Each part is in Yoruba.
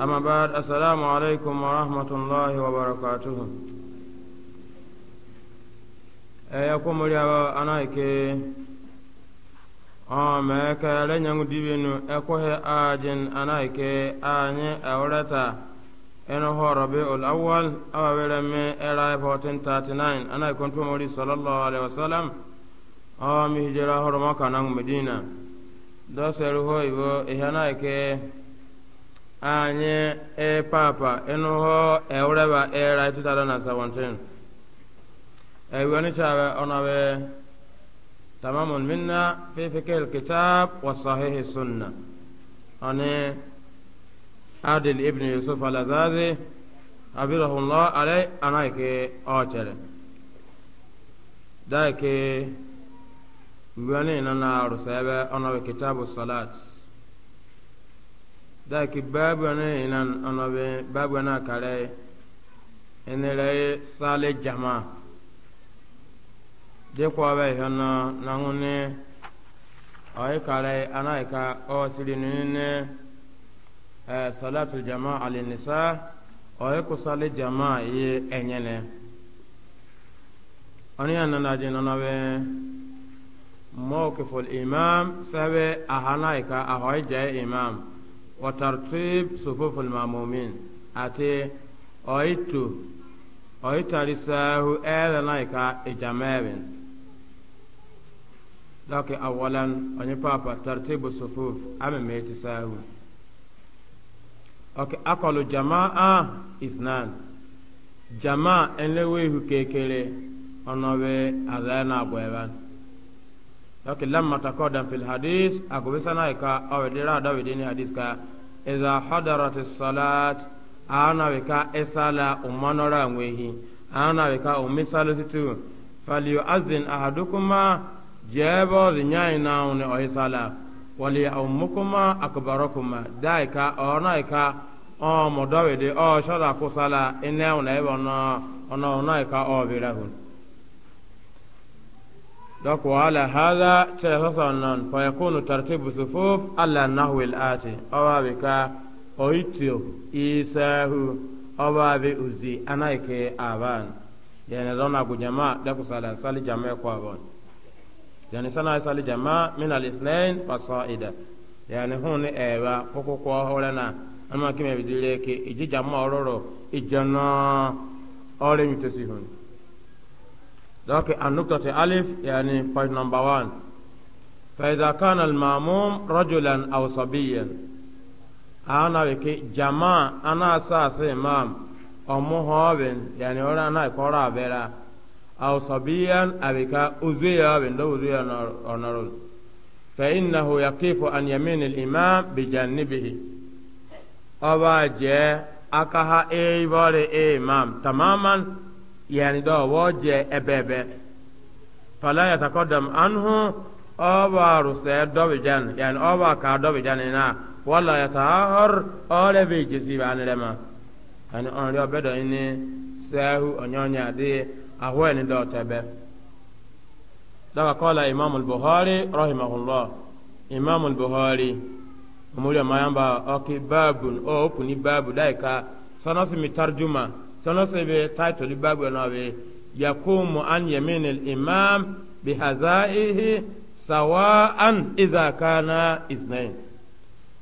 amma bad assalamu aleykum warahmatullahi wabarakatuhu eya komori aba anayi e ke meke renyangu dibinu ekohe ajin anayi e ke anyi eureta enoho rabi ul awal awa wereme erai e 1439 anayi kontomori salllahu alehi wasalam mihijira horo makanangu medina doseruhoibo ihanayi ke anyị epapa ịnụhụ ewureba era 2017 ewenishawe ọnawe tamamun minna fi fikil kitab wa sahihi sunna ani adil ibn yusuf alazazi abirahullah alai anaike ọchere daike wani na na arusa ebe ọnawe kitabu salat daki babu ne inan ono be babu na kare enere sale jama de ko be hono na ngune ay kare anaika e o siri nune eh salatul jama al nisa ay ko sale jama ye enyene oni anana je nono be mawqiful imam sabe ahanaika e ahoy jae imam watartib sufufu lmamumin ati oitu oitarisahu elenaica ijamewin laki awalan onye papa tartibu sufuf amemeti sahu ok akọlu jamaa isnan jamaa enlewehu kekere ọnọwe azana agwa eban ok lamma taqaddam fil hadis agobe sana ka awedira da wedini hadis ka idha hadarat salat ana we esala umanora ngwehi ana we ka umisalo situ falyu'azzin ahadukuma jebo zinyai naune o esala wali ummukuma akbarukuma daika ona ka o modawede o shara kusala ene ona ebono ona ona ka o دوك وعلى هذا تلسسنا فيكون ترتيب صفوف على النحو الآتي أو بك أويتيو إيساه أو بأوزي أنايك آبان يعني دونا جماعة دوك صلاة صلي جماعة قوابون yani sana sali jama min al ithnain fasaida yani hun ewa koko ko holana amma kime bidile ke iji jama ororo ijana ore mitesi hun ذاك النقطة ألف يعني point نمبر وان فإذا كان المأموم رجلا أو صبيا أنا بك جماعة أنا أساس إمام أمو هابن يعني ولا أنا كورا بلا أو صبيا أبكا أزوي هابن دو أزوي أنرول فإنه يقف أن يمين الإمام بجانبه أبا جاء أكها إيبار إمام تماما yani do woje ebebe fala yataqaddam anhu oba ruse dobijan yani oba ka dobijan ina wala yatahar ole be jisi bani lema yani on ri obedo ini sahu onyonya de ahwe ni do tebe dawa kola imam al-bukhari rahimahullah imam al-bukhari umuri mayamba oki babun o opuni babu daika sanofi mitarjuma sono se be title babu na be yakumu an yaminil imam bi hazaihi sawa'an idza kana ithnain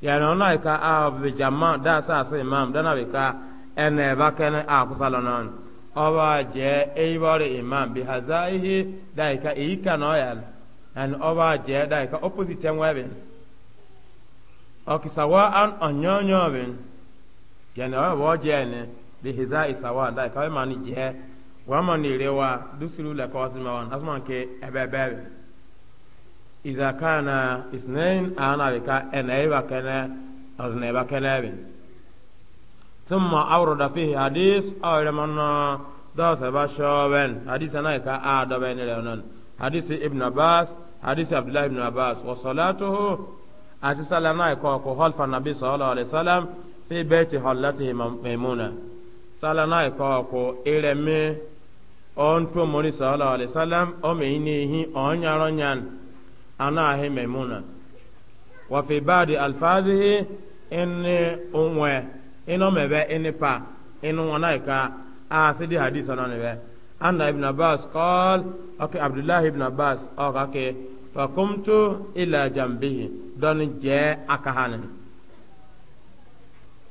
yani ona ka a be jama da sa sa imam na be ka ene ba kene a kusala non oba je eibore imam bi hazaihi da ka e ka no ya and oba je da ka opposite enwe be o ki sawa'an onyonyo be yani oba je ne lihiza isawa da ka ma ni je wa ma ni rewa dusiru la ka wasima wan asman ke ebebe iza kana isnain ana ka enaiba kana aznaiba kana bin ثم أورد فيه حديث أو لمن دوس بشوبن حديث أنا كا آدبين لونن حديث ابن عباس حديث عبد الله بن عباس وصلاته أتسأل أنا كا كهول فالنبي صلى الله عليه وسلم في بيت حلته ميمونة sala na ko e ko ireme on to moni sallallahu alaihi salam o me ni hi on yaro nyan ana he memuna wa fi ba'di alfazihi inni unwe ino mebe inni pa inu wana e ka a sidi hadith ona ne be anna ibn abbas qal okay abdullahi ibn abbas okay fakumtu ila jambihi don ha akahanin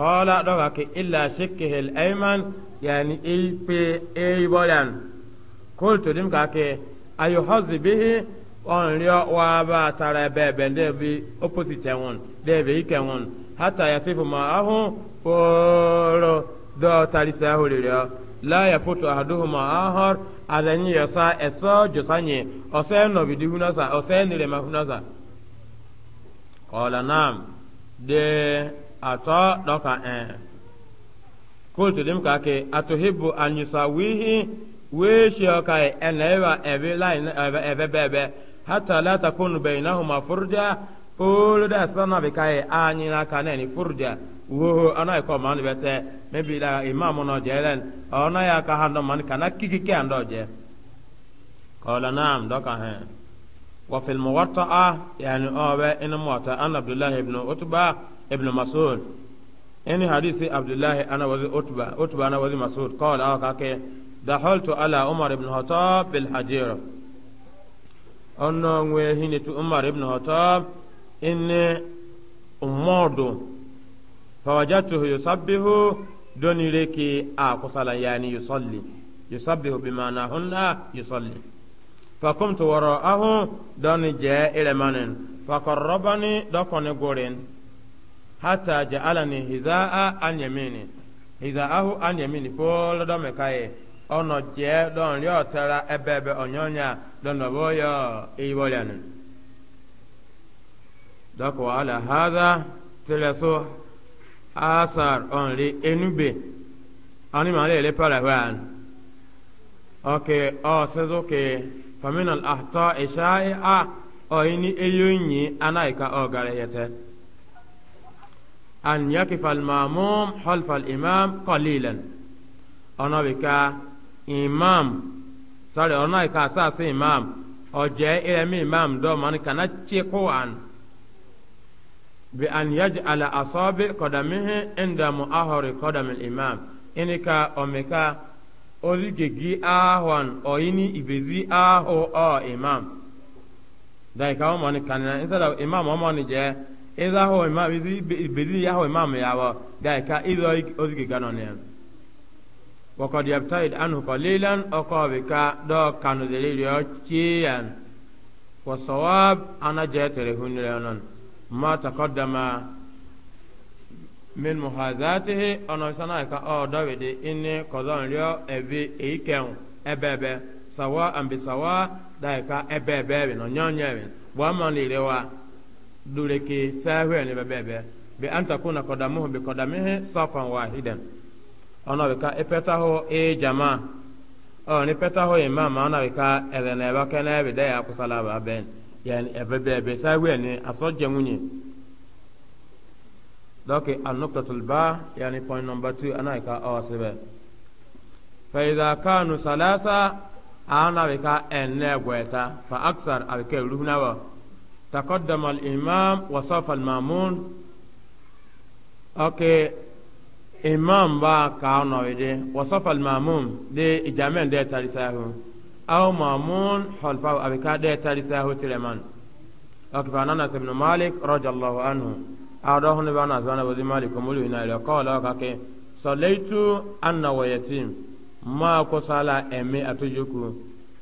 kola ɗoga ke illa shikkihil ayman yani ipe eybolan kultu dim ka ke ayuhazi bihi on rio wa ba tara bebe de bi opposite won de be ike won hata ya yasifu ma ahu poro do tarisa ya la yafutu ahaduhuma ahar adanyi sa eso josanye ose no bidi hunasa ose nire mahunasa kola naam de atọ dọka ee eh. kultu dim ka ke atuhibbu an yusawihi ọka ka enaiwa ebe lain ebe ebe ha bebe hatta la takunu bainahuma furja olu da sana bi kai anyi na ka ne ni furja wo ana ko man bete mebi la imam no jelen ona ya ka hando man kana kiki ke ando je qala na'am doka he eh. wa fil muwatta'a yani awa in muwatta an abdullah ibn utba ibn mas'ud ini hadisi abdullahi ana wazi utba utba ana wazi mas'ud qala aw ah, kake dahaltu ala umar ibn khattab bil hajira ono ngwe hini tu umar ibn khattab inni umodo fawajatuhu yusabbihu doni reki a kusala yani yusalli yusabbihu bimana hunna yusalli fakumtu wara'ahu doni je ilemanin fakarrabani dokoni gurin hata ja'alani hizaa an yamini hizaahu an yamini polo do me kai ono je don yo tara ebebe onyonya don no boyo ibolan dako ala hadha tilaso asar onli enube ani ma le para wan okay o sezo ke faminal ahta ishai'a o ini eyoyin anaika o gareyete an yakifa almamum halfa alimam qalilan ona bi ka imam sorry ona ka sa se imam oje ile mi imam do man kana chi qur'an bi an yaj'ala asabi qadamihi inda mu'ahari qadam alimam inika omeka oligegi ahwan oyini ibezi aho o imam dai ka o man kana instead of imam o je ịza ahụ imam izi ibedi ahụ imam ya bụ daika ịza ozige ganọ na ya wakọd e yabtaid anhu qalilan aqabika do kanu deliriyo chiyan wa sawab ana jetere hunire non ma taqaddama min muhazatihi ona sana e ka o dawide inni qadon riyo ebi eiken ebebe sawa an bi sawa daika e ebebe bi no nyonye bi wa man lirewa dureke sahwe ne bebe bi anta kuna qadamuhu bi qadamihi safan wahidan ona be ka epeta ho e jama o ni peta ho imam ona be ka ele na ba kana be da ya kusala ba ben yani ebe bebe sahwe ne asoje munye doke an ba yani point number 2 ana ka awasebe fa idha kanu salasa ana be ka enne gweta fa aksar abike ruhnawa تقدم الإمام وصف المامون أوكي إمام با كاونو إيدي وصف المامون دي إجامين دي تاريساهو أو مامون حلفاو أبكا دي تاريساهو تلمان أوكي فأنانس بن مالك رضي الله عنه أعرضه نبانا زوانا وزي مالك ومولو هنا إلي قال أوكي صليت أنا ويتيم ما كسالا أمي أتجوكو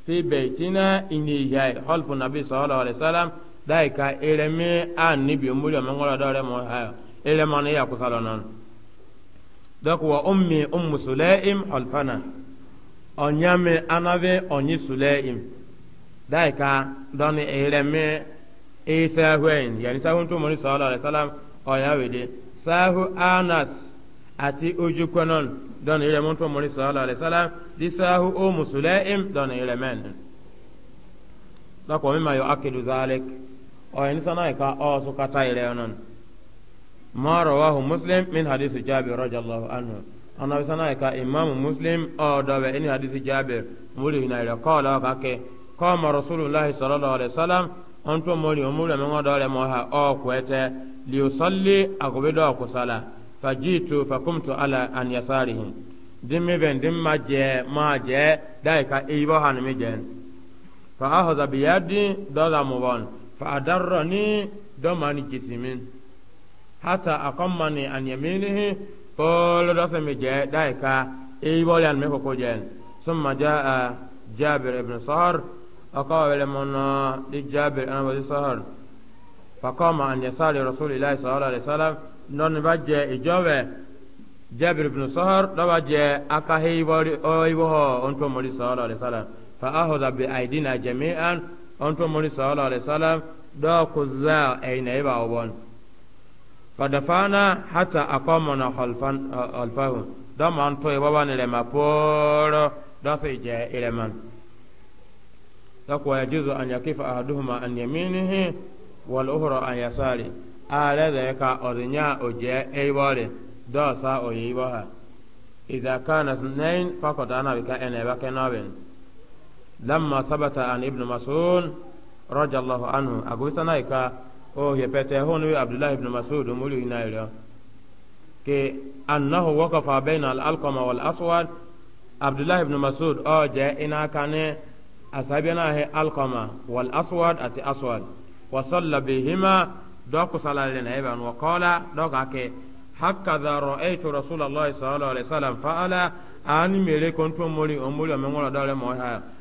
في بيتنا إني جاي حلف النبي صلى الله عليه وسلم daika ereme anibi omuri omengoro dore mo ha erema ne ya kusalo non dok wa ummi ummu sulaim halfana onyame anave onyi sulaim daika doni ereme isa hwen yani sahun to mori sallallahu alaihi wasallam oyawede sahu anas ati ojukwanon doni ereme to mori sallallahu alaihi wasallam disahu ummu sulaim doni eremen dok wa mimma أين سنايك أوسو كتاي ليونان ما رواه مسلم من حديث جابر رضي الله عنه أنا سنايك إمام مسلم أو دابا إن حديث جابر مولي هنا قال كاكي قام رسول الله صلى الله عليه وسلم أنتم مولي أمولي من غدا لموها أو كويتة ليصلي أقبضوا كسالة فجئت فقمت على أن يساره dimmi ben dimma je ma je dai ka ibo han mi jen fa akhadha bi yadi dala muban فأدرني دماني جسمين حتى أقمني أن يمينه قول رسم جاء دايكا إيبول ينمي كوجين ثم جاء جابر بن صهر أقابل من جابر أنا بن صهر فقام أن يسال رسول الله صلى الله عليه وسلم نون بجي إجابة جابر بن صهر نبجي أكا هيبول أيبوه أنتم مولي صلى الله عليه وسلم فأخذ بأيدينا جميعا onto mori sallallahu alaihi wasallam do ko za aina iba obon fadafana hata aqamna khalfan alfahu da man to e baba ne ma poro da se je ile e man da ko ya juzu an yakifa ahaduhuma an yaminihi wal ukhra an ka orinya oje e bore do sa o yi ba iza kana nain fakot ana bika ene ba kenabin لما ثبت عن ابن مسعود رضي الله عنه أبو سنايكا أو يبتي هون عبد الله بن مسعود مولي نايلا كي أنه وقف بين الالقم والأسود عبد الله بن مسعود أو جاء إنا كان أصحابنا هي ألقمة والأسود أتي أسود وصلى بهما دوك صلى لنا وقال دوك هكذا رأيت رسول الله صلى الله عليه وسلم فعل أني ملي كنت مولي أمولي أمولي دولة موهايا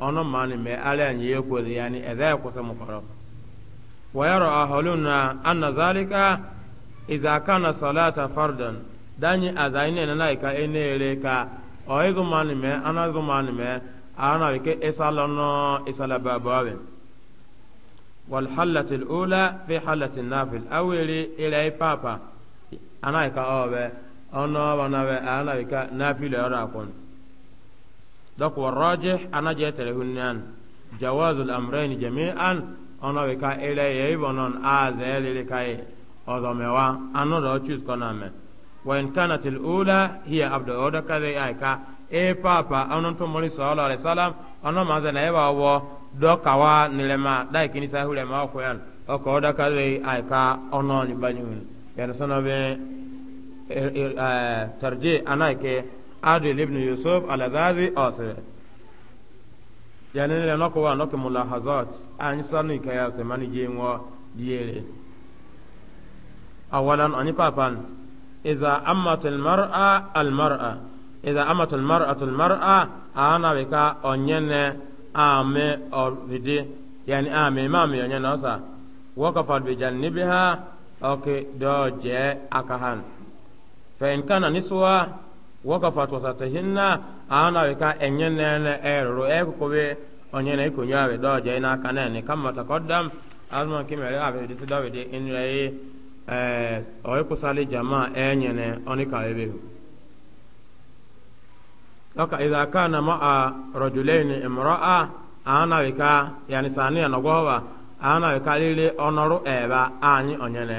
ono mani me ala nye yeko yani edha kusa mukoro wa yaro ahaluna anna zalika iza kana salata fardan danyi azaine nana ika ene eleka o izu mani me ana zu mani me ana wike isala no isala babawe والحلة الأولى في حلة النافل أول إلى بابا أنا كأوبة ana وأنا nafil كنافل أراكم dɔk wa rɔje ana je tere hunnan jawazul amrayn jami'an ono be ka ele ye bonon a zelele kai odomewa ano do chus koname wa in kanat al ula hiya abdu oda kare aika e papa anon to mori sallallahu alaihi wasallam ono maze na eba wo do kawa nilema dai kini sa hule ma ko yan o ko oda kare aika ono ni banyun yana sono be er, er, eh, tarje anaike adil ibn yusuf alazazi ɔsɛ yanni lɛ nɔkɔ wa nɔkɔ mula hazɔt anyi sanu ikaya sɛmani jɛn wɔ diere awalan ani papan iza amatul mar'a al mar'a iza amatul mar'atul mar'a ana bi ka ɔnyɛnɛ ame ɔvidi yanni ame maami ɔnyɛnɛ ɔsa wɔkafat bi jannibiha ɔke dɔɔ jɛ akahan fɛn kana nisuwa. wọkọfatọ satahinna ana wika enye nene eruru ekukube onye na ikonye awe dọje n'aka nene kama takọdam azụma nke mere awe dịsị dọwede nre ye ee eh, ọkwụsali jama enye na ọnịka ebe ọka ịza aka na ma a rojulen mụrọ a ana wika yanisani ya na gwọwa ana wika lili ọnọrụ ebe anyị onye na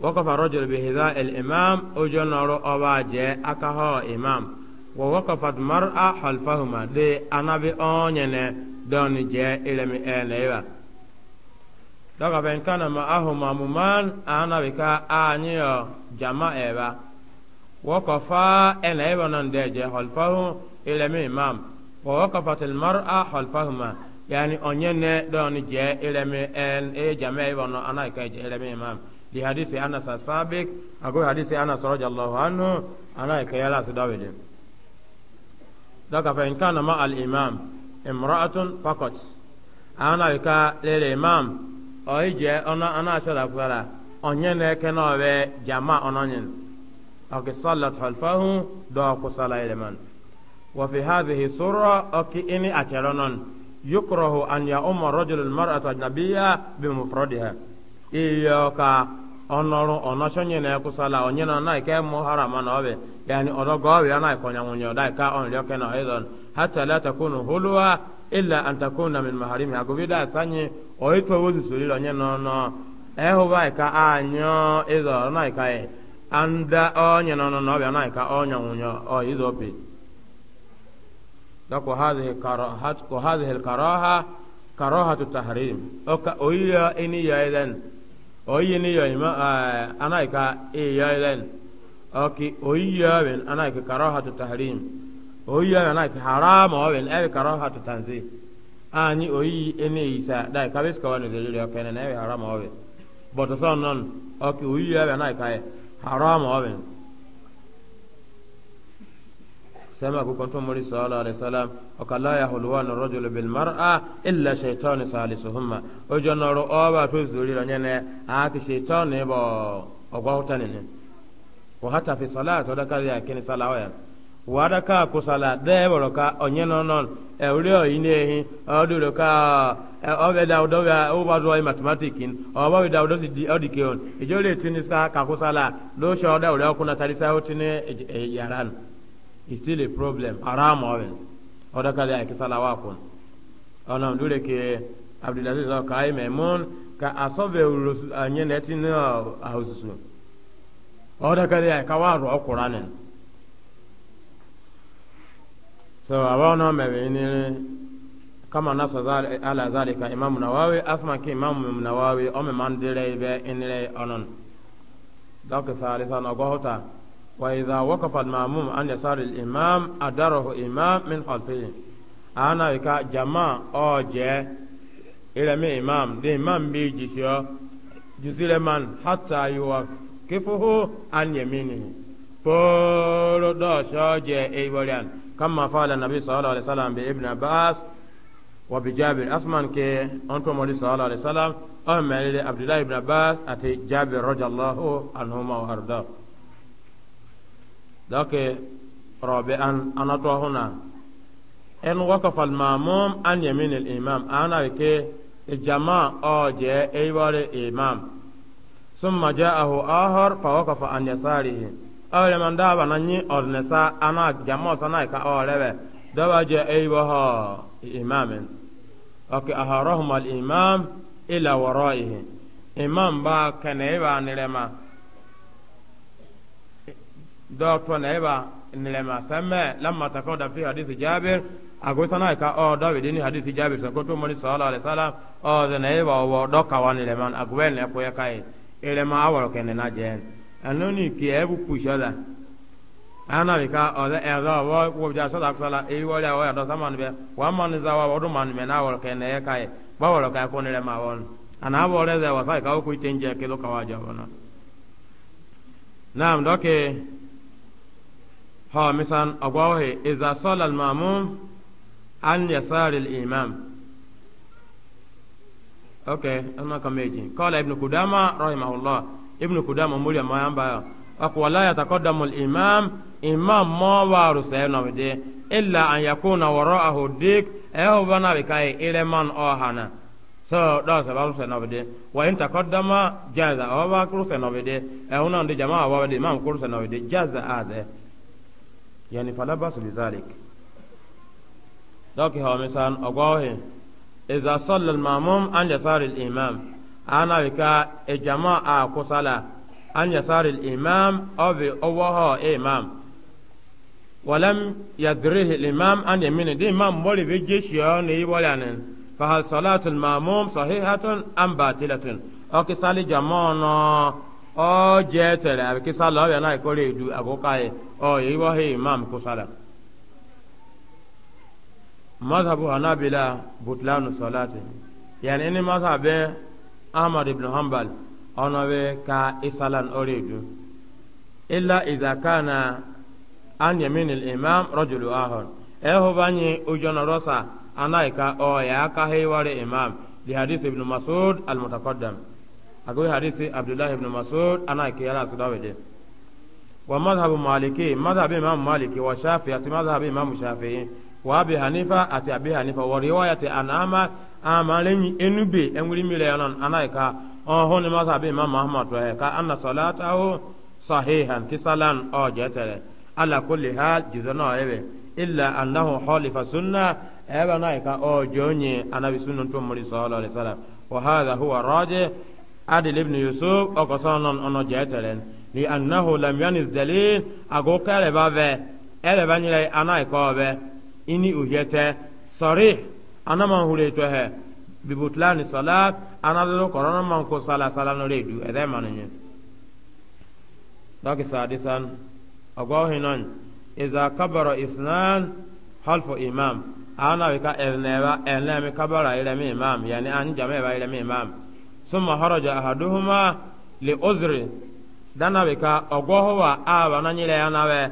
وقف الرجل بهذا الإمام أجنر أواجه أكها إمام ووقفت مرأة خلفهما دي أنا بأونين دون جاء إلى مئين daga bɛn kana ma aho ma muman ana bi ka anyi yɔ jama ɛba wɔkɔ fa ɛna ɛba nan dɛ jɛ hɔlfahu ilɛmi imam wɔ wɔkɔ fatil mar a hɔlfahu ma yani ɔnyɛ nɛ dɔɔni jɛ ilɛmi ɛn e jama ɛba nɔ ana bi ka jɛ ilɛmi imam لحديث أنس السابق أقول حديث أنس رضي الله عنه أنا كيالا سداويد imam فإن imam مع الإمام امرأة imam أنا imam للإمام أيجي أنا أنا أشهد فلا أنين we jama ononyin أكي صلت خلفه دوك صلاة لمن وفي هذه سورة أكي إني أتلونن يكره أن يأم رجل المرأة النبية بمفردها iyo ka onoru onoshonye na ekusala onye na na ke mu harama na obe yani odogo obe na ikonya munyo dai ka on ryoke na idon hatta la takunu hulwa illa an takuna min maharimi agobida sanye oitwa wozu suri onye na no ehu bai ka anyo idon ka e anda onye no no na ka onyo munyo o idopi dako hadhihi karahat ko hadhihi al karaha karahatu tahrim o ka oya ini ya idan oyi ni yo ima anaika e yoilen oki oyi yoben anaika karahatu tahrim oyi yoben anaika haram oben e karahatu tanzi ani oyi ene isa dai kabes ka wani dole yo kenen e haram oben but non oki oyi yoben anaika e haram oben sema ko kon to mori sallallahu alaihi wasallam o kala ya hulwan rajul bil mar'a ah, illa shaytan salisuhumma o jonoro o ba to zuri ro nyene a ah, ki shaytan ne bo o gwa utane ne wa hata fi salat da kala ya kini salawa ya wa da ka ko sala de bo ka o nyeno non e ori o ine ehi o du ro ka o be da do ya o ba do mathematics o ba be da do di o di keon ijole tinisa ka ko sala do sho da ro ko na tarisa o tine yaran is still a problem haram oven oda kale ay kisala wa kon ona ndure ke abdulaziz ka ay memun ka asobe ulus anye neti na ahususu oda kale ay kawa ro qur'anen so abawna mebe ni kama nasa zali, ala zalika imamu nawawi asma ki imamu nawawi ome mandire ibe inile onon dɔkta alisa nɔgɔhota وإذا وقف المأموم عن يسار الإمام أداره إمام من خلفه أنا يكا جماعة أوجه إلى مي إمام دي إمام بيجي جزيل من حتى يوقفه عن يمينه بولو دوش أوجه إيبوليان كما فعل النبي صلى الله عليه وسلم بابن عباس وبجابر أسمان كي أنتم مولي صلى الله عليه وسلم أمالي عبد الله بن عباس أتي جابر رضي الله عنهما وأرضاه dɔke rɔbe an ana tɔ huna en wakafa almamum an yamin imam ana ke jama o je eibare imam summa ja'ahu ahar fa wakafa an yasarihi awle man da bana ni ornesa ana jama sana ka awlewe dawa je eibaha imamen oke aharahum al imam ila waraihi imam ba kanaiba nirema dɔɔtɔ oh, oh, na eba nilɛma sɛmɛ lamma takaw da fi hadisi jaabir agosana ka ɔ dɔ bi dini hadisi jaabir sɛ koto mɔni sɔɔla ale sala ɔ zɛ na eba wɔ dɔ kawa nilɛma agobɛ nilɛ ka ye ilɛma awɔrɔ kɛ nina jɛn anoni ki ɛbu kusɔ la ana bi oh, e ka ɔzɛ ɛzɔ wɔ wɔbija sɔla sɔla eyi wɔli awɔ yadɔ saman wa zawa wɔdu mɔni mɛ na awɔrɔ kɛ nɛ ka ye ba wɔrɔ ka ye ko nilɛma wɔn ana awɔrɔ zɛ خامسا أقوه إذا صلى المأموم عن يسار الإمام أوكي أنا كم قال ابن قدامة رحمه الله ابن قدامة مولي ما ينبع أقوى لا يتقدم الإمام إمام ما وارسينا بده إلا أن يكون وراءه ديك أهو بنا بكاي إلى من أوهنا so dɔw sɛ baa rusɛn nɔbide wa in ta kɔdama jaza ɔba rusɛn nɔbide ɛhunan de jama wa de imam kurusɛn nɔbide jaza a zɛ yani fala basu zalik doki hawa misan ogwawe iza salla al-mamum an yasari al-imam ana wika e jama'a kusala an yasari al-imam obi owaha imam walam yadrihi al-imam an yamini di imam boli bi jishiyo ne yi walanin fa hal salatu al-mamum sahihatun am batilatun oki sali jama'a E. o je tere abi ki sala ya na ikore edu agoka ye o ye wo he imam ko sala mazhabu hanabila butlanu salati yani ni mazhabe ahmad ibn hanbal ono be ka isalan ore edu illa idza kana an yamin al imam rajulu ahon eho banyi ujona rosa anaika o ya ka he ware imam li hadith ibn mas'ud al mutaqaddam agoy hadisi abdullah ibn mas'ud ana ke yana su dawo de wa madhhabu maliki madhhab imam maliki wa shafi'i ati madhhab imam shafi'i wa abi hanifa ati abi hanifa wa riwayati an ama amalin enube enwiri mire yanan ana ka ohun ni madhhab imam ahmad wa ka anna salatahu sahihan kisalan o jetere ala kulli hal jizana ebe illa annahu khalifa sunna ebe na ka o jonye anabi sunnatu muri sallallahu alaihi wasallam wa hadha huwa rajih adil ibn yusuf okosonon ono jetelen li annahu lam yanis dalil ago kale bave ele banyile anai kobe ini uhiyete sarih anama huleto he bibutlani salat ko sala sala iza isnan halfu imam ana imam imam summa haraja ahaduhuma li uzri dana be ka ogoho wa aba na nyile ya nawe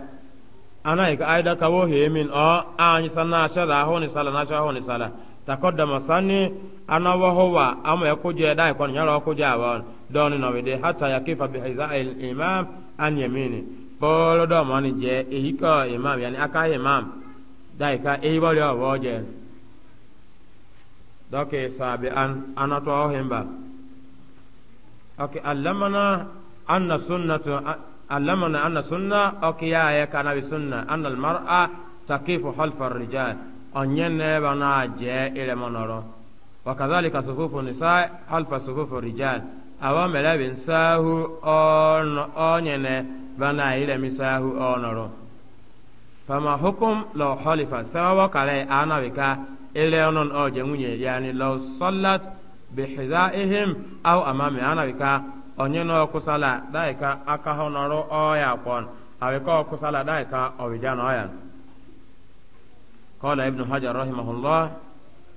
ana ika aida ka wo hemin o anyi sana cha da ho ni sala na cha ho ni sala takoddama sani ana wa ho wa yakuje dai kon nyalo kuje aba doni no wede hata yakifa bi hizail imam an yamini bolo do mani je ehika imam yani aka imam dai ka e bolo wo je doke sabe an anato hemba okay alamana anna sunnatu alamana anna sunna okay ya ya kana bi sunna anna al mar'a takifu halfa ar-rijal onyenne bana je ile monoro wa kadhalika sufufu nisa halfa sufufu rijal awamela bi nsahu on onyene bana ile misahu onoro fama hukum law halifa sawa kale ana bika ile onon oje munye yani law sallat bihizaihim aw amami ana bika onye no kusala dai ka aka honoro oya kon awe ko kusala dai ka obijan oya qala ibn hajar rahimahullah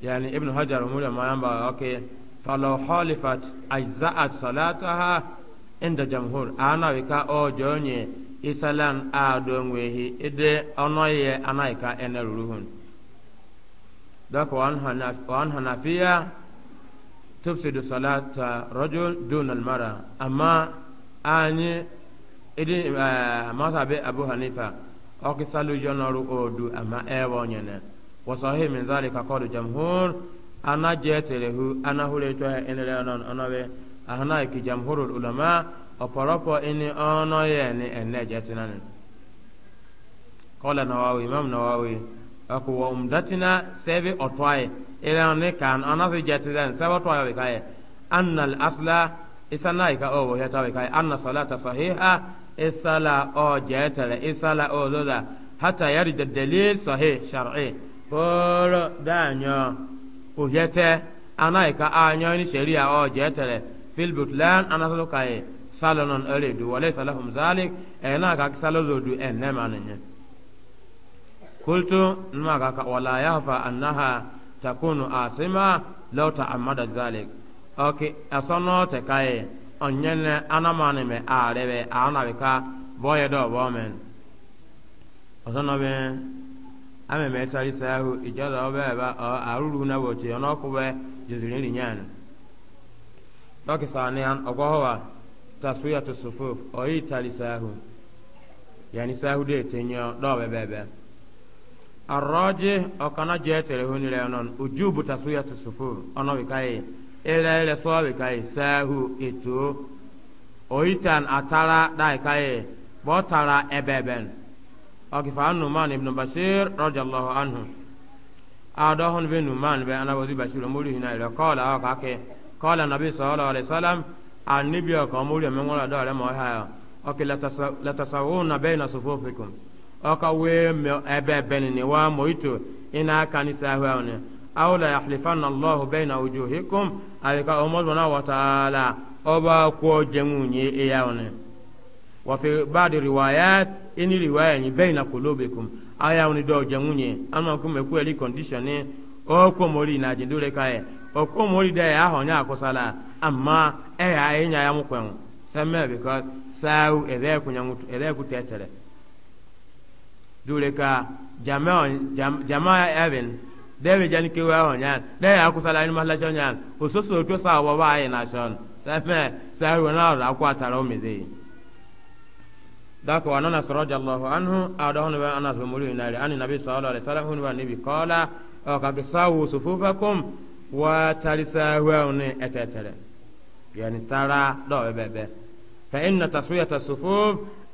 yani ibn hajar umuri ma yamba okay falau halifat ajza'at salataha inda jamhur ana bika o jonye isalan adonwehi ide onoye anaika eneruruhun dako wan hanafiya tufsidu salata rajul dun almara amma anyi idin eh, masa be abu hanifa oki salu jonoru odu amma ewo nyene wa sahih min zalika qawl jamhur ana jetelehu ana hure to enele non onobe ahna ki jamhurul ulama oporopo ini ono ye ni enne jetinan qala nawawi imam nawawi aku wa umdatina sebi otwaye ilan ne kan ana su jati zan sabato ya kai anna al asla isana ka o ya ta kai anna salata sahiha isala o jata isala o lola hatta yarda dalil sahih shar'i ko danyo o yete ana ka anyo ni sharia o jata fil butlan ana su kai salonon eredu wale salahum zalik ena ka salolodu enema nenye kultu nma ka wala yahfa annaha takunu asima law ta'ammada zalik oke asono te kai onyenne anamane me arebe anabika boye do bomen osono be ame me tari sahu ijada obe ba aruru na boche ono kube jizirin rinyan oke sane an ogohowa taswiyatu sufuf oyi tari sahu yani sahu de tenyo do ebe. arraji ọkana jeetere hunire non ujubu taswiyatu sufur ono bikai ila ile so bikai sahu eto oitan atara dai kai botara ebeben okifa numan ibn bashir radiyallahu anhu adahun bin numan be ana wazi bashir muri hina ile qala akake qala nabi sallallahu alaihi wasallam annabi akamuri amengola dare mo haya okilata tasawuna baina sufufikum ọka wee ebe na benini wa moito ina aka ni sahu ne aw la yahlifanna allahu baina wujuhikum alika umma wa ta'ala oba ko jemu nye iya ne wa fi ba'd riwayat in riwaya ni baina qulubikum aya ni do jemu nye ama ku me ku eli condition ni o ko mori na jindure kai o ko mori da ya honya akosala amma e, e ya enya ya mukwen semme because sau ede kunyangutu ede kutetere e dure ka jamaa jam, jamaa even dewe jani ke wa onya de ya kusala ni mahla chonya ususu to sa wa wa ina shon same sa wa na ra kwa tara umeze dako anana saraja allah anhu adahun wa anas bumuri nari ani nabi sallallahu alaihi wasallam hun wa nabi qala ka bisawu sufufakum wa tarisa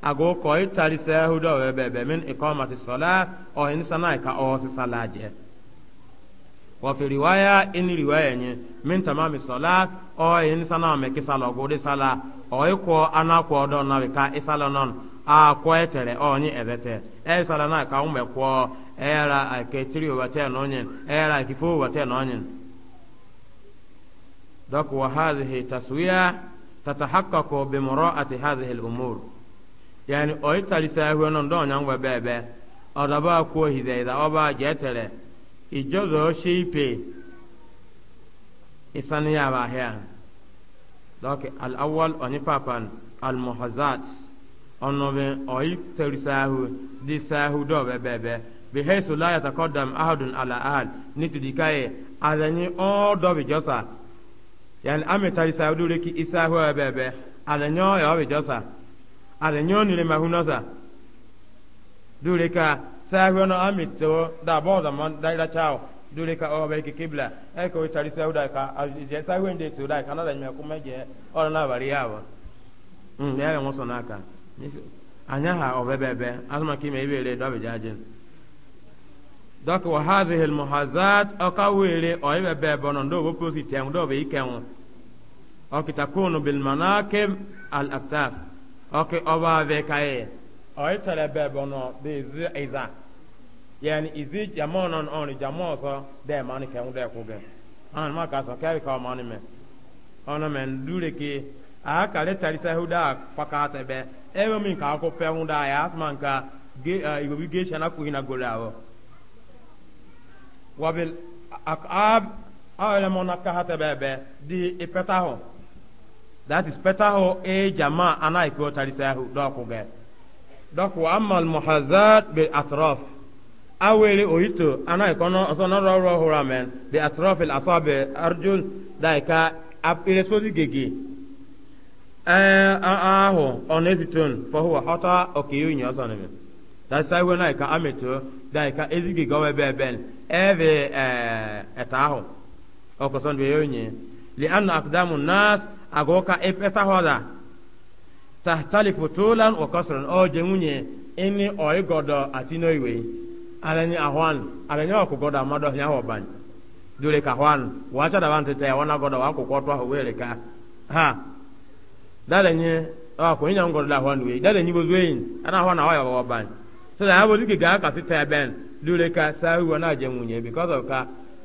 ago koy tari sehudo we bebe min iqamati salat o insana ka o si salaje wa fi riwaya in riwaya nye min tamami salat o insana me kisalo go de sala o ko ana ko do na ka isala non a ko etere o nyi ebete e sala na ka umbe ko era aketiri o bate no nyen era akifo bate no nyen dok wa hadhihi taswiya تتحقق بمراءة هذه الأمور yani oyi tali sahiwe non don nyang ba bebe oda ba ko hide da oba jetere ijo zo shipe isani ya ba hia donc al awwal oni papan al muhazat ono be oyi tali sahiwe di sahiwe do be bebe bi haythu la yataqaddam ahadun ala ahad nitudikaye adani o do bi josa yani ame tali sahiwe do ki isahiwe bebe adani o yo bi josa ada nyoni le mahuna sa dure ka sahiwa na amito da bo da man da ira chao dure ka obe ki kibla e ko tari sauda ka je sahiwa nde to da kana da me kuma je ora na bari yawa mm ya ga muso naka anya ha obebebe azuma ki me ibere do be jaje dɔk wa hadhihi almuhazat ɔka weere ɔyɛbɛ bɛɛ bɔnɔ ndo bo posi tɛŋ do be ikɛŋ ɔkitakunu bilmanakib alaktab oke oba ve kae oy tele be bono de izi iza yani izi jamon on on jamon so de man ke un de kuge an ma ka so kari ka man me ono men dure ki a ka le tari sa huda pakata be ewe min ka ko pe un ya asman nka ge igo bi ge chana ku hina golawo wabil akab awle monaka hata bebe di ipetaho that is better ho e jama ana ife otarisa ahu dɔku gɛ dɔku amal muhazad bi atrof awere oyito ana ikɔnɔ ɔsɔnɔrɔrɔ hura mɛ bi atrof il asɔbe arjun daika iresozi gege ɛɛ e, ahu ɔnezitun fɔhu ɔhɔta okeyi onyi ɔsɔni mi that is why when I can amito daika ezigi gɔwɛ bɛɛ bɛn ɛɛbi ɛɛ e, ɛtaahu ɔkɔsɔn bi onyi li anu akudamu naas. agoka epesa hoda tahtalifu tulan wa kasran nwunye je munye ini o igodo atino iwe alani ahwan alani wa kugoda amado nya hoban dole ka hwan wacha da bante te wana godo wa ku kwotwa ho wele ka ha dale nye o ko nya ngodo da hwan we dale nyi bozwe yin ana hwan na wa wa ban so da abo dike ga ka sita ben dole ka sahu wana je nwunye because of ka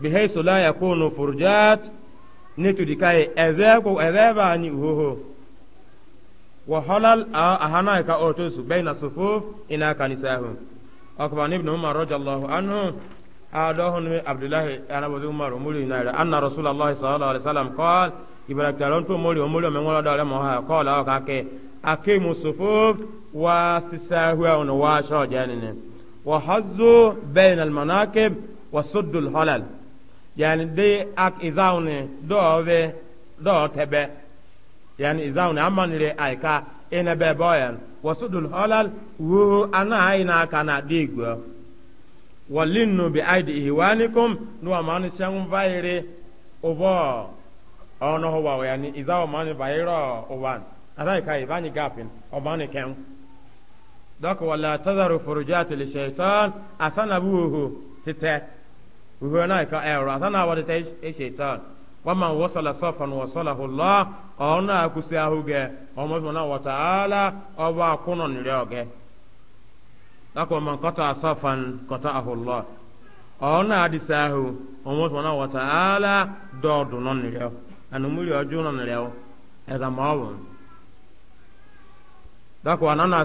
bihaisu la yakunu furjat netudi kai ezeko ezeba ni uhoho wa halal ahana ka otosu baina sufuf ina kanisahu akbar ibn umar radiyallahu anhu adohun mi abdullahi anabodu umar umuri naira anna rasulullah sallallahu alaihi wasallam qala ibarak taron to mori umuri me ngoro dare mo ha qala ka ke akimu sufuf wa sisahu wa wa shajanine wa hazzu baina al manakib wa suddul halal yani de ak izawne dove do tebe yani izawne amanire aika ene be boyan wasudul halal wu ana aina kana digwa walinnu bi aidi ihwanikum nuwa manu shangun vaire ovo ono huwa yani izawo manu vairo owan araika ibani gapin obani kem dok wala tazaru furujati li shaitan asana buhu tite wíwẹ́ náà ìka ẹ̀rọ àtànà àwọn tètè ìṣètàn wọ́n máa ń wọ́sọ̀lá sọ́fàn wọ́sọ̀lá hùlọ́ ọ̀hún náà kù sí ahúgẹ ọmọ ìfọ̀nà wọ̀tàálá ọba àkúnà nìrẹ́ ọ̀gẹ́ lákọ̀ọ́ máa ń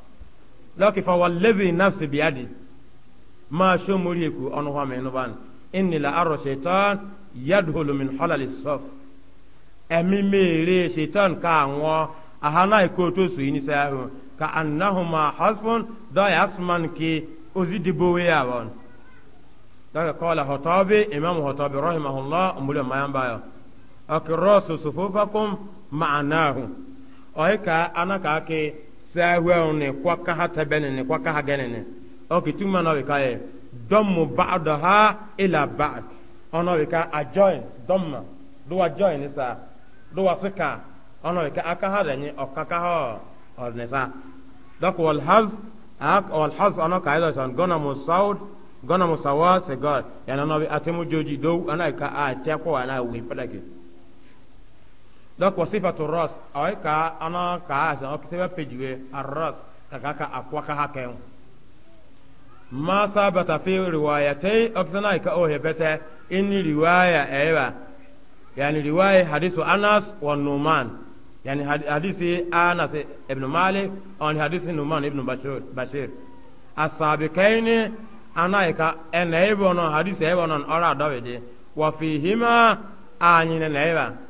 lọ́kì fọwọ́lẹ́bì nafsi bíadì máa ṣó mórí èkó ọ̀nà wà mí inú arọ sheton ìnìlà àrò ṣètọ́n yadhulumin xọ́lálì sọ́f ẹ̀mí mèrè ṣètọ́n ká àwọn àhánà èkó tó sùn yìí ní sẹ́yìn ka e ma hasbun dọ́yà asụman nke ozi dibowe ya àwọn. lọ́kì kọla họ́tọ́bì imam họ́tọ́bì rahimahullah ọ̀mùlẹ̀ mayambayo ọ̀kì rọ́ọ̀sù sùfúfakùn ka sahwe ne kwa ka ha tabene ne kwa ka ha gene ne o ki tuma na bi kai dom ba'daha ila ba'd ono bi ka a do wa join sa do wa fika ono bi ka aka ha da ni o ka ka ho o ne sa dak wal haz ak wal haz ono ka ida san gona musaud gona musawa se god yana no bi atemu joji do ana ka a te ko ana wi padake donc wa sifatu ras ay ka ana ka sa ok sebe pejwe arras kaka ka akwa ka haken ma sabata fi riwayatay oksana ka o hebete in riwaya ewa yani riwaya hadithu anas wa numan yani hadisi anas ibn malik on hadisi numan ibn bashir bashir asabikaini ana ka enaibono hadithi ebonon ora dawidi wa fihima anyine naiba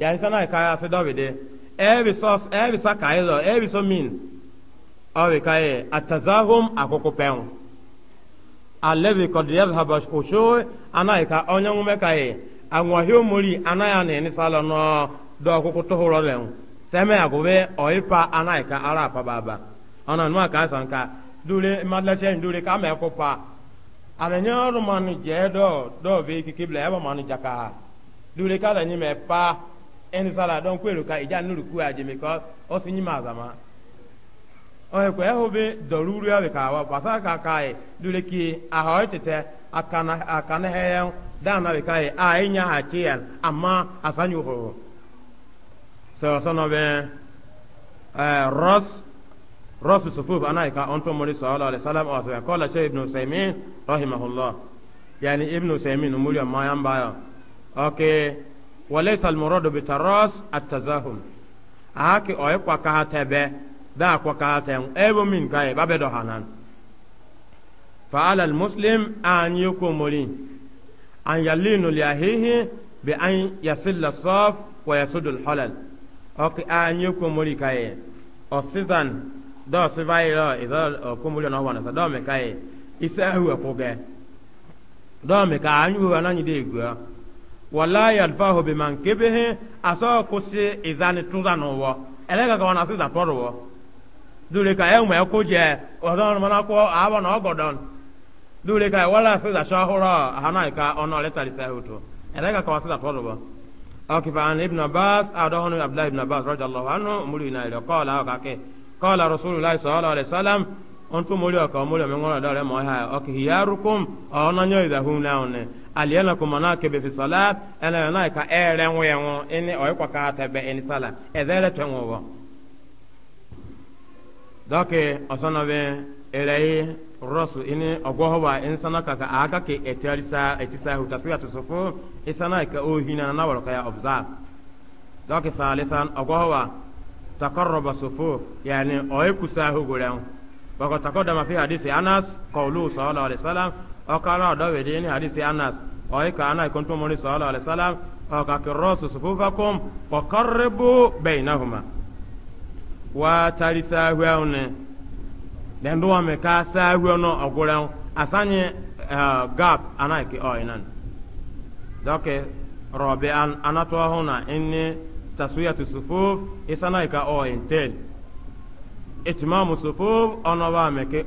yàrá sani àyíká yà sẹ dọ́bi ẹ̀ẹ́bì sọ ẹ̀ẹ́bì sọ kàyé lọ ẹ̀ẹ́bì sọ mìn ọ̀bì kàyé àtàzáhùm àkókò pẹ́ẹ́n alẹ́bi kọ̀dìyàbì hàbà òṣó anáyíká ọ̀nyẹ́nwó kàyé àwọn ọ̀hìn òmùrì anáyà ní sálọ nọ dọ́ àkókò tó hóró lẹ́hùn sẹ́mẹ́ àgùbẹ́ ara bàbà ọ̀nà nù ká ẹni sara dɔn kó èrò ka ìjà nínú kú àjẹmí kọ ọ sì yín máa zàmá. ọ̀hìn kò ẹ̀hó bí dọ̀rúurú ẹ̀ bìkà wọ pàṣẹ kàkà ẹ̀ dúró kí àhọ́ ẹ̀ tètè àkànnà ẹ̀yẹn dáná bìkà ẹ̀ à ẹ̀ nyà àti ẹ̀ àmà àfẹ́yìn òhòrò. sọ̀rọ̀sọ̀nà bẹ́ẹ̀ ẹ̀ rọ́s rọ́s sọ̀fọ́f anáyíká ibnu rahimahullah ibnu وليس المراد بتراس التزاهم أهاكي أو يقوى كهاتبه دا أقوى كهاتبه أبو من كاي بابي دوهانان فعلى المسلم أن يكمل أن يلين لأهيه بأن يسل الصاف ويسد الحلل أوكي أن يكمل كاي أسيزان دو سيفايرا إذا كمل نوانا دو مكاي إسأهو أقوى دو مكاي أنيو أنا نديه wala yalfahu bi mankibihi aso kusi izani tuzanu wo elega ka wana sisa toru wo dure ka emu ko je odon mana ko awa na ogodon dure ka wala sisa shahura hana ka ono letali sahuto elega ka wasisa toru wo akifa an ibn abbas adahunu abdullah ibn abbas radiyallahu anhu mulina ile qala ka ke qala rasulullah sallallahu alaihi wasallam ontu muli ka muli mi ngona dare mo ha akiyarukum onanyo idahuna one aliyana kuma na kebe fi salat ana ere nwe enwo ini oyi kwa ka tebe ini sala ezere te nwo doke osana be ereyi rosu ini ogohoba insana kaka aka ke etarisa etisa hu tasbiya tusufu isana ka ohina na wala ya doke salisan anas ọkara ọdọ hadisi anas ọyị ka ana ikontu mori sọlọ alisalam ọka kirọsu sufufakum kọkọrịbụ bẹyinahuma wa tari sahuwa ne den duwa ka sahuwa no ahụ asanye eh, gap ana ike ọyị dọkị rọbi anatọ na isana itimamu ọnọba ka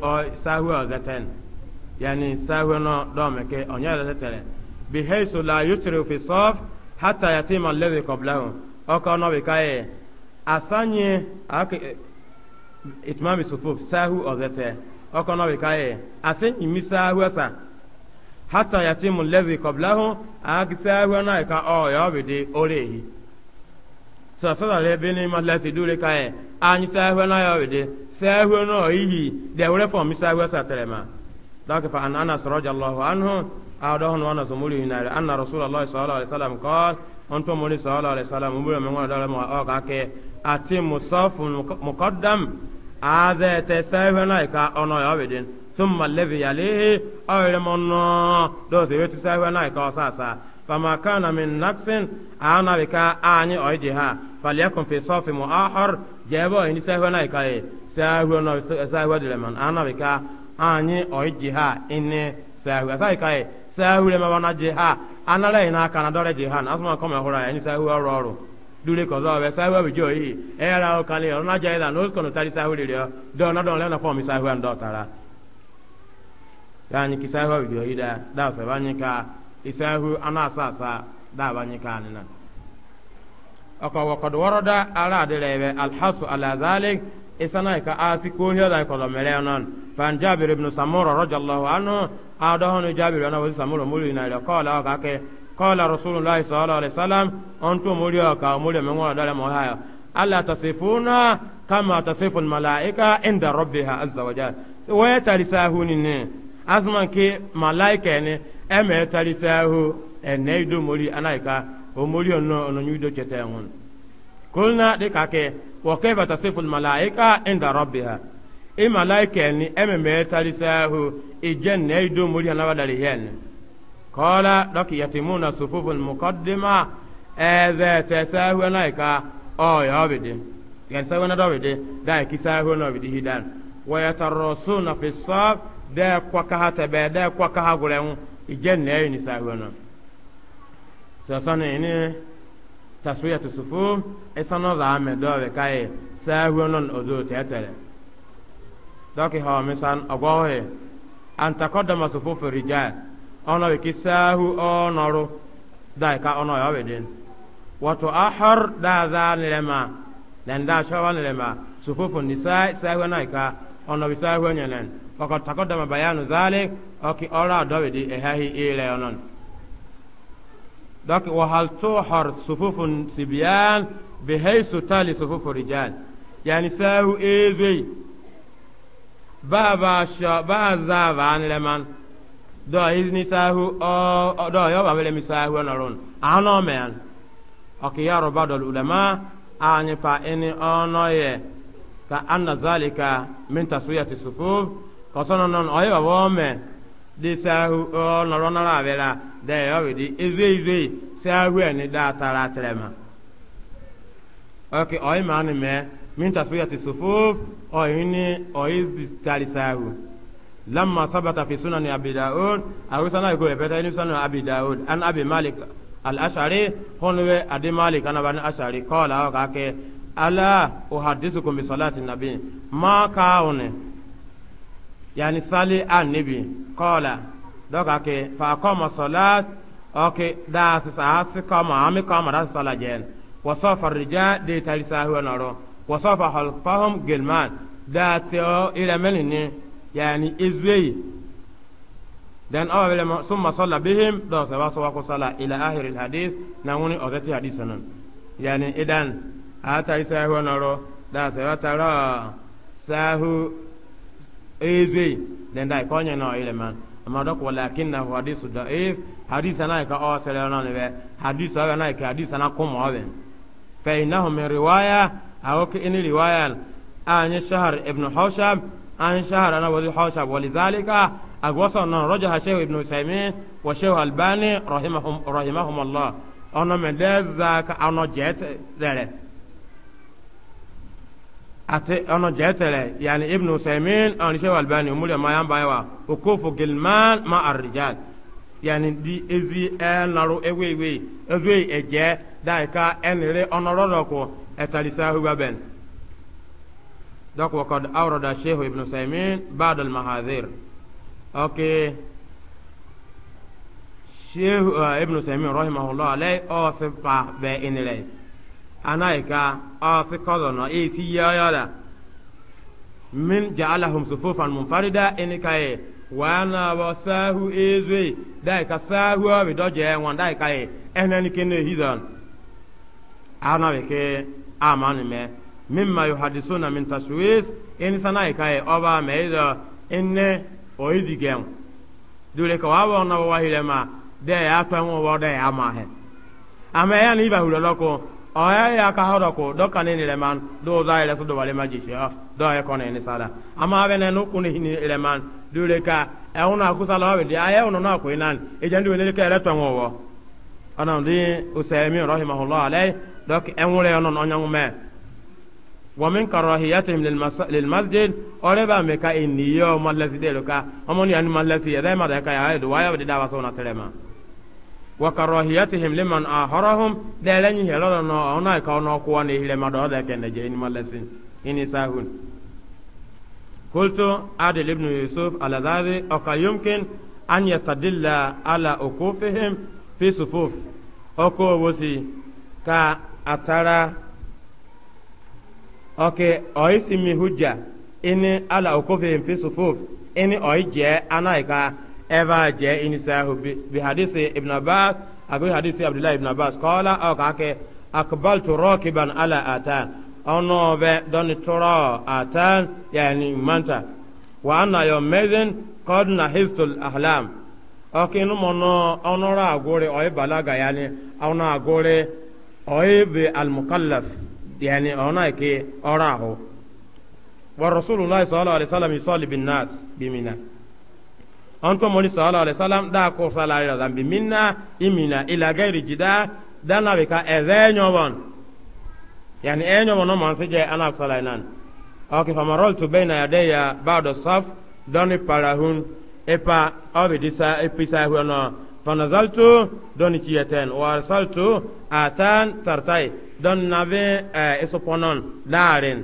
yani sahwe no do me ke onya da tere bi haythu la yutri fi saf hatta yatima alladhi qablahu o ka no be kai asanye ak itmam sufuf sahu ozete o ka no be kai asen imi sahu asa hatta yatimu alladhi qablahu ak sahu na ka o yo be de orehi sasada le be ni malasi dure kai anyi sahu na yo be de sahu no ihi de wore for mi sahu asa tere ma ذاك فعن أنس رضي الله عنه أعدهن وأنا زمولي هنا أن رسول الله صلى الله عليه وسلم قال أنتم مولي صلى الله عليه وسلم مبولا من وانا دولة مؤقاك أتم صف مقدم هذا تساوينا إكا أنا يعبدين ثم الذي يليه أعلمنا دوثي وتساوينا إكا أساسا فما كان من نقص أنا بك أعني أيديها فليكن في صف مؤخر جابوا إن ساوينا إكا ساوينا ساوينا لمن أنا بك anyị oiji ha ine sahu asaghị ka sahu remawa na ji ha anara na aka na dọrọ ji ha na asụma kọma hụrụ anyị sahu ọrụ ọrụ dure kọzọ ọbẹ sahu ọbẹ jọ yìí ẹyàrá e ọkàn lè ọ̀nà jẹ́ ìlànà ó kọ̀nù tari sahu rẹ̀ ọ dọ̀ ọ̀nà dọ̀ lẹ́nu fọ́ọ̀mù sahu ẹ̀ ń dọ̀tara yanyi ki sahu ọbẹ jọ yìí dá dá ọsẹ bá nyi ka isahu ana asasa dá bá nyi ka nínà. ọkọ̀ wọ̀kọ̀dọ̀ wọ́rọ̀ dá ara àdìrẹ̀ ẹ̀bẹ̀ alhassu alazalik isana ka asi ko hela ko lo mere non fan jabir ibn samura radiyallahu anhu adahunu jabir ana wasi samura mulu ina ila qala ka ke qala rasulullah sallallahu alaihi wasallam onto mulu ka mulu me ngona dale mo haya alla tasifuna kama tasifu al malaika inda rabbiha azza wa jalla wa yatarisahuni ne azman ke malaika ne eme me tarisahu e ne anaika o mulu onno onno nyudo chete kulna de ka ke wa kayfa tasifu al malaika inda rabbiha e malaika ni eme me tarisahu e janna ido muri na wadari hen qala laki yatimuna sufufu al muqaddima eze tasahu naika o ya obidi yan sawu na dobidi da ki sahu na obidi hidan wa yatarasuna fi saf da kwa ka hata be da kwa ka ha gulen e janna ni sahu na sasana ni taswiya tu sufu isano za ame dove kai sahu non ozu tetere doki ha misan ogohe an takoddama sufu fi rijal ono wiki sahu onoru dai ka ono ya wedin wato ahar da za nilema dan da shawa nilema sufu fi nisa sahu na ka ono bi sahu nyelen faqad takoddama bayanu zalik oki ora dove di donc wahal tuhar sufufun sibiyan bihaisu tali sufufu rijal yani sahu ezwe baba sha ba za van leman do izni sahu o do yo ba bele misahu na ron ano men akiyaro badal ulama ani pa eni ono ye ka anna zalika min taswiyati sufuf kosono non oyo ba wome disahu dɛ yɔ di eze eze sɛru ɛni daa tara tɛrɛ ma ɔkè ɔyi maa ni mɛ min ta so yati sofoof ɔyi ni ɔyi zi tari sɛru lamma sabata fi sunan abi daud awisana ko ɛbɛta ni sunan abi daud an abi malik al ashari honwe adi malik anaba ni ashari kɔɔla ɔkà kɛ ala uhadisukum bi salati nabi maa kaawuni yani sali an nabi kɔɔla. doka ke fa kɔma salat oke si sa si koma ami koma da sala jɛn wasofa rija de tali naro nɔrɔ wasofa halfahum gilman daa teo ilamɛni ni yani izweyi dan awa wele summa salla bihim dɔn sɛ waso wako sala ila ahir il hadith na ŋuni odeti ti hadith sanan yani idan a tali huwa naro da se wa tara sahu izweyi dan da ikonye na man amma dok walakinahu hadisu da'if hadisa na ka o sele na ne be hadisa wa na ka hadisa na ko mo be fa innahu min riwaya aw ka in riwaya an shahar ibn hawshab an shahar ana wali hawshab walizalika agwasa na rajaha shaykh ibn usaymin wa shaykh albani rahimahum rahimahum allah ona medeza ka ano jet dere ati ɔnɔ jɛtɛlɛ yani ibnu sɛmin ɔni sɛ walibani omuli ɔma yan bayi wa okofo gilman ma arijal yani di ezi ɛnaru e ewewe ezoe ɛjɛ dai ka ɛnire ɔnɔrɔdɔ ko ɛtalisa huba bɛn dɔk wakɔd awrada shehu ibnu sɛmin badal mahadir ok shehu uh, eh, ibnu sɛmin rahimahullah alai ɔsipa bɛ inire anaika ɔsi kɔdɔ nɔ esi yɔyɔ la min ja'alahum sufufan munfarida enika ye wana wa sahu ezwe dai ka sahu abi doje won dai kai enani kene hizan ana weke amani me mimma yuhadisuna min tashwis in sanai kai oba me ido inne oidi gem dule ka na wa hilema de ya tanwo wo de amahe ama ya ni ba aya ya ka hawra ko do kane ni leman do za ile to do wale maji sha ah, do e kono ni sala ama be ne no kuni ni leman do le ka e una ku sala wa de aya una na ko inan e jandu ne le ka re to wo ana ndi usaymi rahimahullah alay do ke en wure non onyangu me wa masjid ore ba me ka iniyo amoni an mallasi ya da ma da ka ya e telema وكراهيتهم لمن آخرهم دلني هلال أنا أنا كأنا كوان إهل ما دار ذاك نجين مالسين إني ساهون قلت عادل ابن يوسف على ذلك أو يمكن أن يستدل على أكوفهم في صفوف أكو وسي كا أترى أوكي أيسمي هجة إني على أكوفهم في صفوف إني أيجي أنا كا eba je inisahu bi hadisi ibn abbas abi hadisi abdullah ibn abbas qala aw ka ke akbaltu rakiban ala atan ono be don toro atan yani manta wa anna yawmazin qad nahistul ahlam akinu mono onora agore oy balaga yani ona agore oy bi al mukallaf yani ona ke oraho wa rasulullahi sallallahu alaihi wasallam yusalli bin nas bimina onto mori sallallahu alaihi wasallam da ko sallallahu alaihi wasallam minna imina ila gairi jida dana be ka ezenyo bon yani enyo bon man seje ana sallallahu nan ok fa marol to baina yadaya ba'da saf doni parahun epa obi disa episa hono fanazaltu doni chiyeten wa arsaltu atan tartai don nabe uh, isoponon daren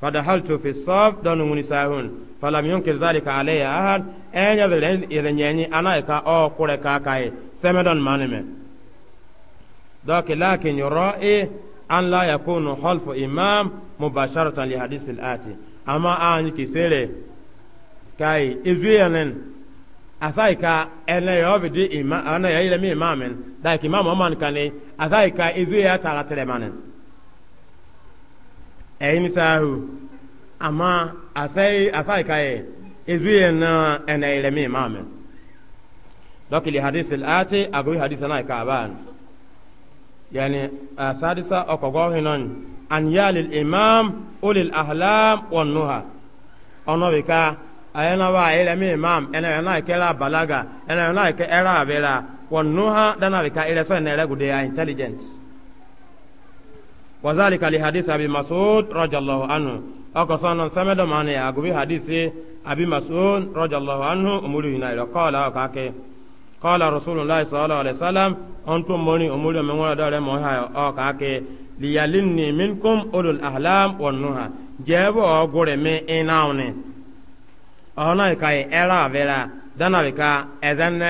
fadahaltu fi saf doni munisahun falam yunkir zalika alayya ahad enya zelen irenyenyi anaika o kure kakai semedon manime donc lakin yurai an la yakunu halfu imam mubasharatan li hadith al-ati ama anyi kisere kai izuyenen asaika ene yobidi ima ana yaile mi imamen dak imam oman kane asaika izuya tara telemanen eyini sahu amma asai asai kai izuye na ana ilemi imam donc li hadith al ati agu hadith na ka ban yani asadisa okogo hinon an yalil imam ulil ahlam wan nuha ono bika ayana wa ilemi imam ena yana kela balaga ena yana ke era abela wan nuha dana bika ile so na ile gude intelligence وذلك لحديث أبي مسعود رضي الله عنه أقصانا سمد ماني أقبي حديث أبي مسعود رضي الله عنه أمولي هنا قال أكاكي قال رسول الله صلى الله عليه وسلم أنتم موني أمولي من ولا دار موها أكاكي ليلني منكم أولو الأحلام والنهى جيبو أقول مي إناوني أهنا يكاي إلا فيلا دانا بكا إذن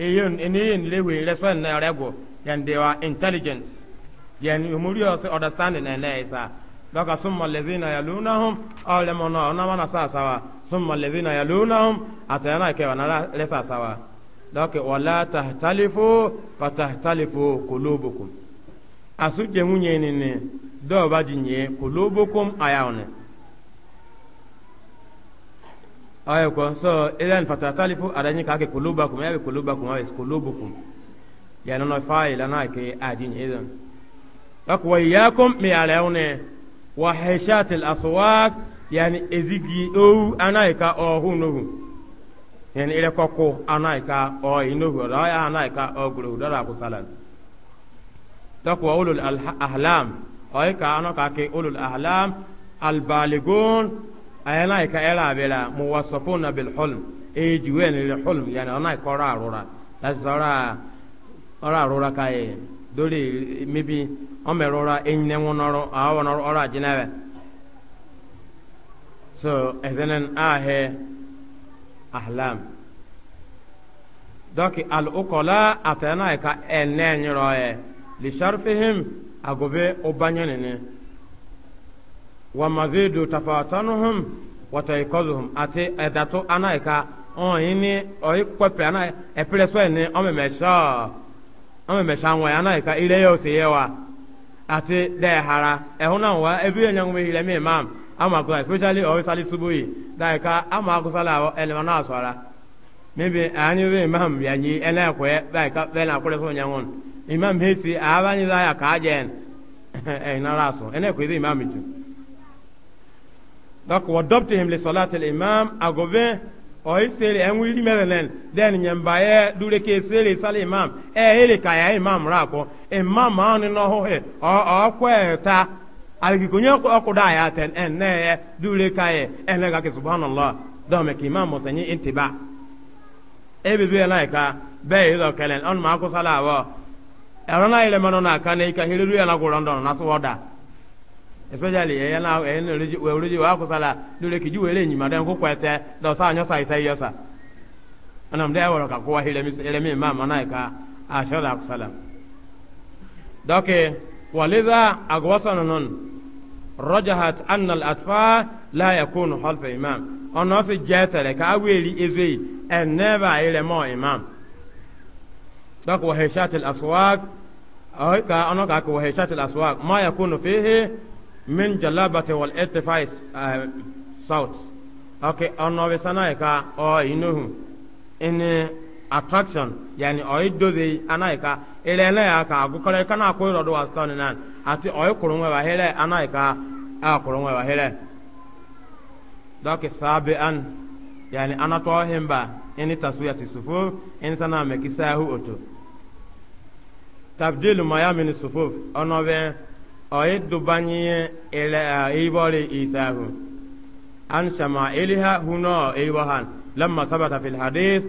إيون إنيين لوي لسوان نارغو يعني they were intelligence yani se odastani na ene isa doka summa alladhina yalunahum aw lamana onamana sasawa summa alladhina yalunahum atayana ke wanala lesa wa doka wala tahtalifu fatahtalifu qulubukum asuje munye nene do bajinye qulubukum ayawne ayo kwa so ilan fatahtalifu adanyi kake qulubakum yawe qulubakum yawe qulubukum yani no fa'il anake adinye idan kak wa iyakum mi alawne wa hishatil aswaq yani ezigi o anaika ohunuhu yani ile koko anaika o inuhu da ya anaika o guru dara ku salan dak wa ulul ahlam aika anaka ke ulul ahlam al baligun anaika ela bela muwassafuna bil hulm e juwen hulm yani anaika ora arora that's ora ora arora dole mebi o mere ụra enyine nwa n'ọrụ awa n'ọrụ ọrụ ajinawe so ezenen ahe ahlam doki al'ukola atana ka enne enyere ye lisharfihim agobe ubanyanini wa mazidu tafatanuhum wa taikozuhum ati edatu anaika oyini oyi kwepe ana epileso ene omemesha amemesha nwa ya anaghịka ire ya ose ya wa ati dehara ehuna wa ebi enyangu mi ile mi imam ama ko especially o sali subuhi ka ama ko sala ele na aswara maybe anyu we imam ya nyi ele ko daika be na ko so nyangun imam hesi abanyi da ya ka jen eh na raso ene ko imam ju dak wa dabtihim li salati al imam agobe oyi sele en wili melenen den nyem baye dure ke sele sale imam e ele ka ya imam rako imam anu no ho he o aliki ya e, dure ka ye en ga ke subhanallah do ki imam mosanyi ba. e bi e, na ka yi ma ko na ka ka na so da especially ẹ̀yẹ náà ẹ̀yẹ náà olójú wa kò sálà lórí kìjú wẹ̀lẹ̀ ẹ̀yìn màdán kó kọ ẹ̀tẹ́ lọ́sà ànyọ́sà ìṣe yọ̀sà ọ̀nà mọ̀dé ẹ̀wọ̀rọ̀ kàkó wa ẹlẹ́mí máa mọ̀ náà ẹ̀ka àṣọ là kò sálà. dọ́kì wàlíza àgọ́wọ́sán nínú rọ́jàhat annal atfa láyà kún hólfẹ̀ imam ọ̀nà fi jẹ́ tẹ̀lẹ̀ ká wéèrí eze ẹ̀ ẹ̀rẹ̀ mọ́ imam. dọ́kì wàhẹ̀ṣàtìl aswag ọ̀ka oh, ọ̀nà kàkó wàhẹ̀ṣàtìl aswag mọ́ yà kún min jalabati wal etifais uh, eh, south ok ọ̀nà sana ka ọ inuhu ini eh, attraction yani ọyị dozi anaghịka ilele ya ka agụkọrọ ka na-akwụ ịrọdụ waston nan ati ọyị kwụrụ nwe wahere anaghịka akwụrụ nwe wahere dọkị sabi an yani anatọ ọhịa mba ini taswiya tisufuf ini sana mekisa ahụ otu tabdil miami ni sufuf ọnọbe oye dubanyiye ele ibole isahu an shama'iliha huno ibahan lamma sabata fil hadith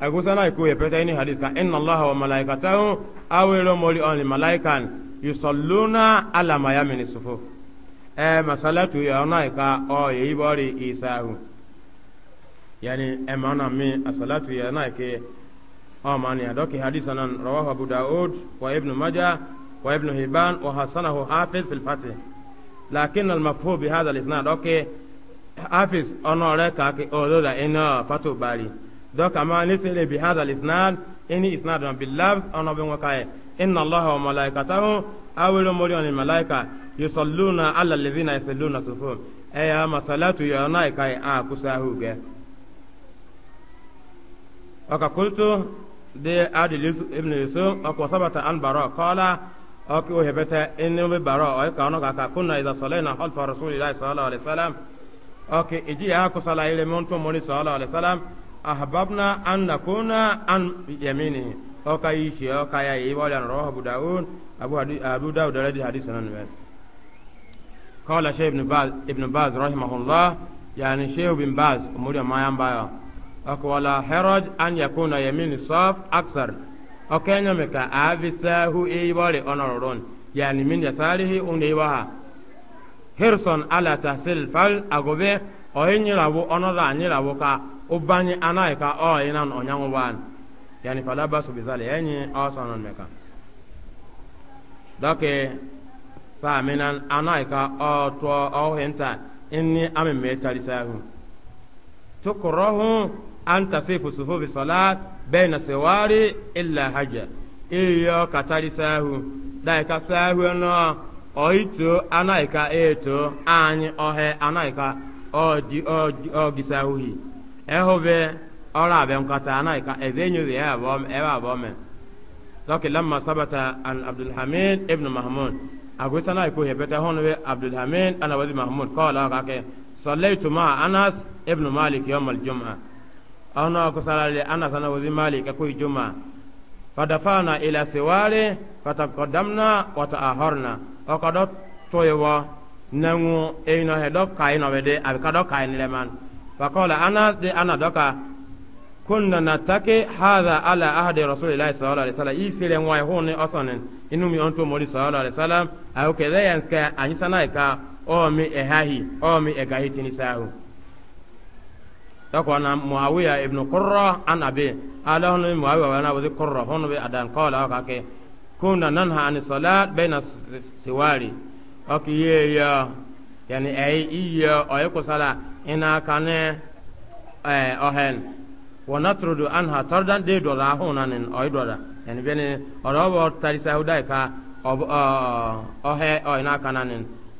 agusana ku ye pete ni hadith ka inna allaha wa malaikatahu awelo moli on malaikan yusalluna ala mayamin sufuf e masalatu ya onaika o ye isahu yani e mi asalatu ya onaike o mani adoki hadithanan rawahu abu daud wa ibn majah وابن هبان وحسنه حافظ في الفتح لكن المفهوم بهذا الإسناد أوكي حافظ أنا لك أولولا إن فتو باري دوك أما نسأل بهذا الإسناد إني إسناد باللفظ أنا بموكاي إن الله وملائكته أول مريون الملائكة يصلون على الذين يصلون صفوم أي أما صلاة يونايكاي آكساهوكي وكقلت دي عادل ابن يوسف وكثبت عن براء قال أوكي وهبتا إنه ببراء أيك أنا كا كنا إذا صلينا خلف رسول الله صلى الله عليه وسلم أوكي إجي أكو صلاة إلى منتو مولي صلى الله عليه وسلم أحببنا أن نكون عن يمينه أوكا يشي أوكا يا إيوالي أن روح أبو داود أبو, أبو داود الذي حديثنا نبال قال شيخ ابن باز ابن باز رحمه الله يعني شيخ ابن باز أمور ما ينبغي أكو ولا حرج أن يكون يمين صاف أكثر okenyome ka abisahu eibore onoron yani min yasarihi uneibaha hirson ala tahsil fal agobe oyinyirabu onoda anyirabu ka ubanye anai ka oyinan onyanguban yani falabasu bizali enyi osonon meka doke faminan anai ka otuo ohinta inni amimmetarisahu tukurahu an tasifu sufufi salat bẹ́ẹ̀nà sẹ̀wárí ilẹ̀ hajjá iyo katari sahu daika sahu no oito anaika eto anyi ohe anaika oji oji ogi sahu hi ehobe ọrụ abịa nkata anaghịka eze nyere ya ebe abụọ mee lọkị lamma sabata an abdulhamid ibn mahmud agwisa na ikwu hebeta hụnụ we abdulhamid anawazi mahmud kọọla ọka ke sọlaitu ma anas ibn malik yom aljum'a أنا كسر لي أنا سنة وزي مالك أكوي جمعة فدفعنا إلى سواري فتقدمنا وتأهرنا وقدت طيوة نمو إينا هدوك كاين ودي أبكادو كاين لمن فقال أنا دي أنا دوكا كنا نتكي هذا على أحد رسول الله صلى الله عليه وسلم إي سيلين واي هوني أصنن إنو مي أنتو مولي صلى الله عليه وسلم أو كذا ينسكا أنيسانا إكا أو مي إهاهي أو مي إكاهي تنساهو تكون معاوية ابن قرة عن أبي قال هنا معاوية وانا وذي قرة هنا بأدان قال أوكاكي كنا ننهى عن الصلاة بين السواري أوكي يا يعني أي إيا أيكو صلاة إنا كان أهل ونطرد عنها طردا دي دولا هنا نن أي دولا يعني بين أرابة تاريسة هدايكا أهل أهل أهل أهل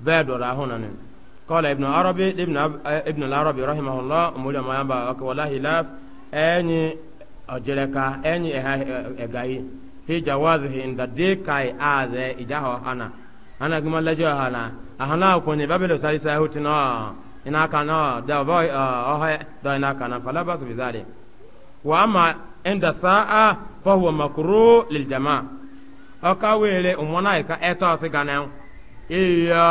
أهل أهل أهل أهل قال ابن عربي ابن ابن العربي رحمه الله مولا ما ينبا ولا خلاف اني اجلك اني اغاي في جوازه ان ذيك اي از اجاه انا انا كما لجا انا انا كوني بابل سايسا هوتنا ina kana da boy oh da ina kana fala bas bi zalik wa amma inda sa'a fa huwa makru lil jamaa aka wele umona ka eto sigana iya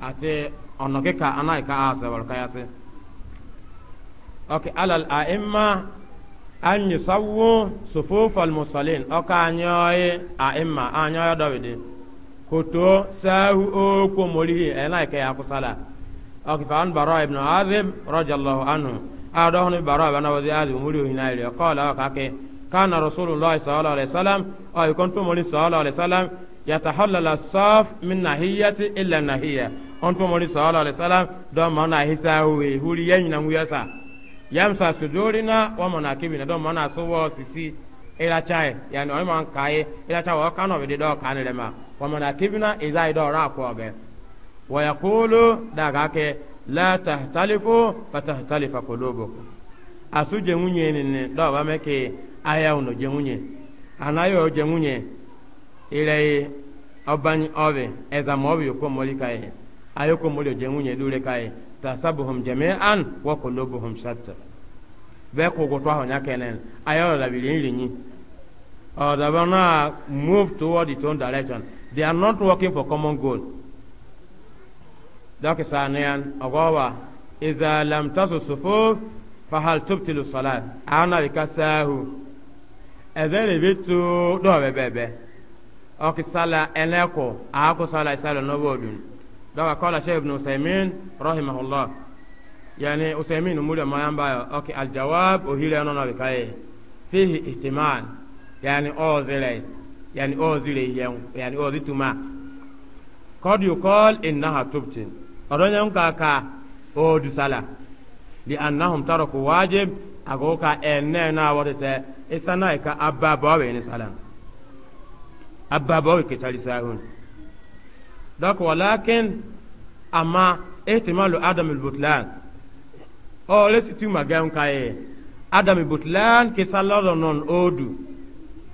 ate ono ke ka anai ka asa wal kayase okay alal aimma an yusawwu sufuf al musallin oka anyoy aimma anyoy dawidi koto sahu o ko morihi enai ka ya kusala okay fa an bara ibn azib radiyallahu anhu adahun bara ibn wazi azib muri hinai qala ka ke kana rasulullah sallallahu alaihi wasallam ay kuntu muri sallallahu alaihi wasallam yatahallala saf min nahiyati illa nahiyah ontumori sallallahu alaihi wasallam don mana hisa we huri yanyi na nguyasa yamsa na wa kibina don mana suwa sisi ila chai yani oyi man kai ila chai wa kano bi do kan lema wa kibina iza ido ra ko be wa yaqulu daga ke la tahtalifu fatahtalifa qulubukum asuje munye ni do ba meke aya uno je munye anayo je munye ile oban ove ezamobi ko molika ye ayoko mulio jengunye dure kai tasabuhum jami'an wa qulubuhum shatta be ko go to honya kenen ayo la bilin ni or oh, they will not uh, move toward the own direction they are not working for common goal ذاك ثانيا أغوا إذا لم تصل الصفوف فهل تبطل الصلاة أنا بكساه إذا لبيتو دو بيبي أوكي صلاة إنكو أكو صلاة صلاة نبودون dawa kala shaykh ibn usaymin rahimahullah yani usaymin umuri mayamba ya okay al jawab uhile ono na bikaye fihi ihtimal yani ozile yani ozile yen yani ozituma qad yuqal innaha tubtin adonya nka ka odusala li annahum taraku wajib agoka enne na wadete isana ka abba bawe ni salam abba bawe kitali sahun donc walakin amma ihtimalu adam al-butlan o le situ magam kaye adam al-butlan ke sallalo non odu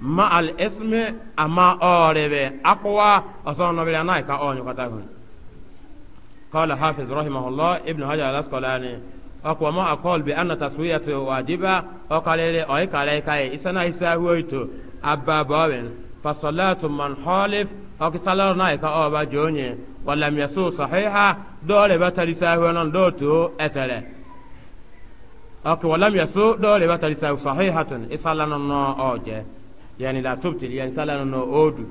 ma al-ismi amma orebe aqwa asono bila nay ka onyo kata gun qala hafiz rahimahullah ibn hajar al-asqalani akwa ma akol bi anna taswiyatu wajiba o kalele o kalele kaye isana isa huwaito fasolatu man holif ɔki salaro naa ika ɔba joonye walam yasu sahiha dɔɔle ba tari sahiwa nan dɔɔ tuo ɛtɛrɛ ɔki walam yasu dɔɔle ba tari sahiwa sahiha tun isala nan nɔ ɔɔjɛ yani la tubtil yani sala nan nɔ oodu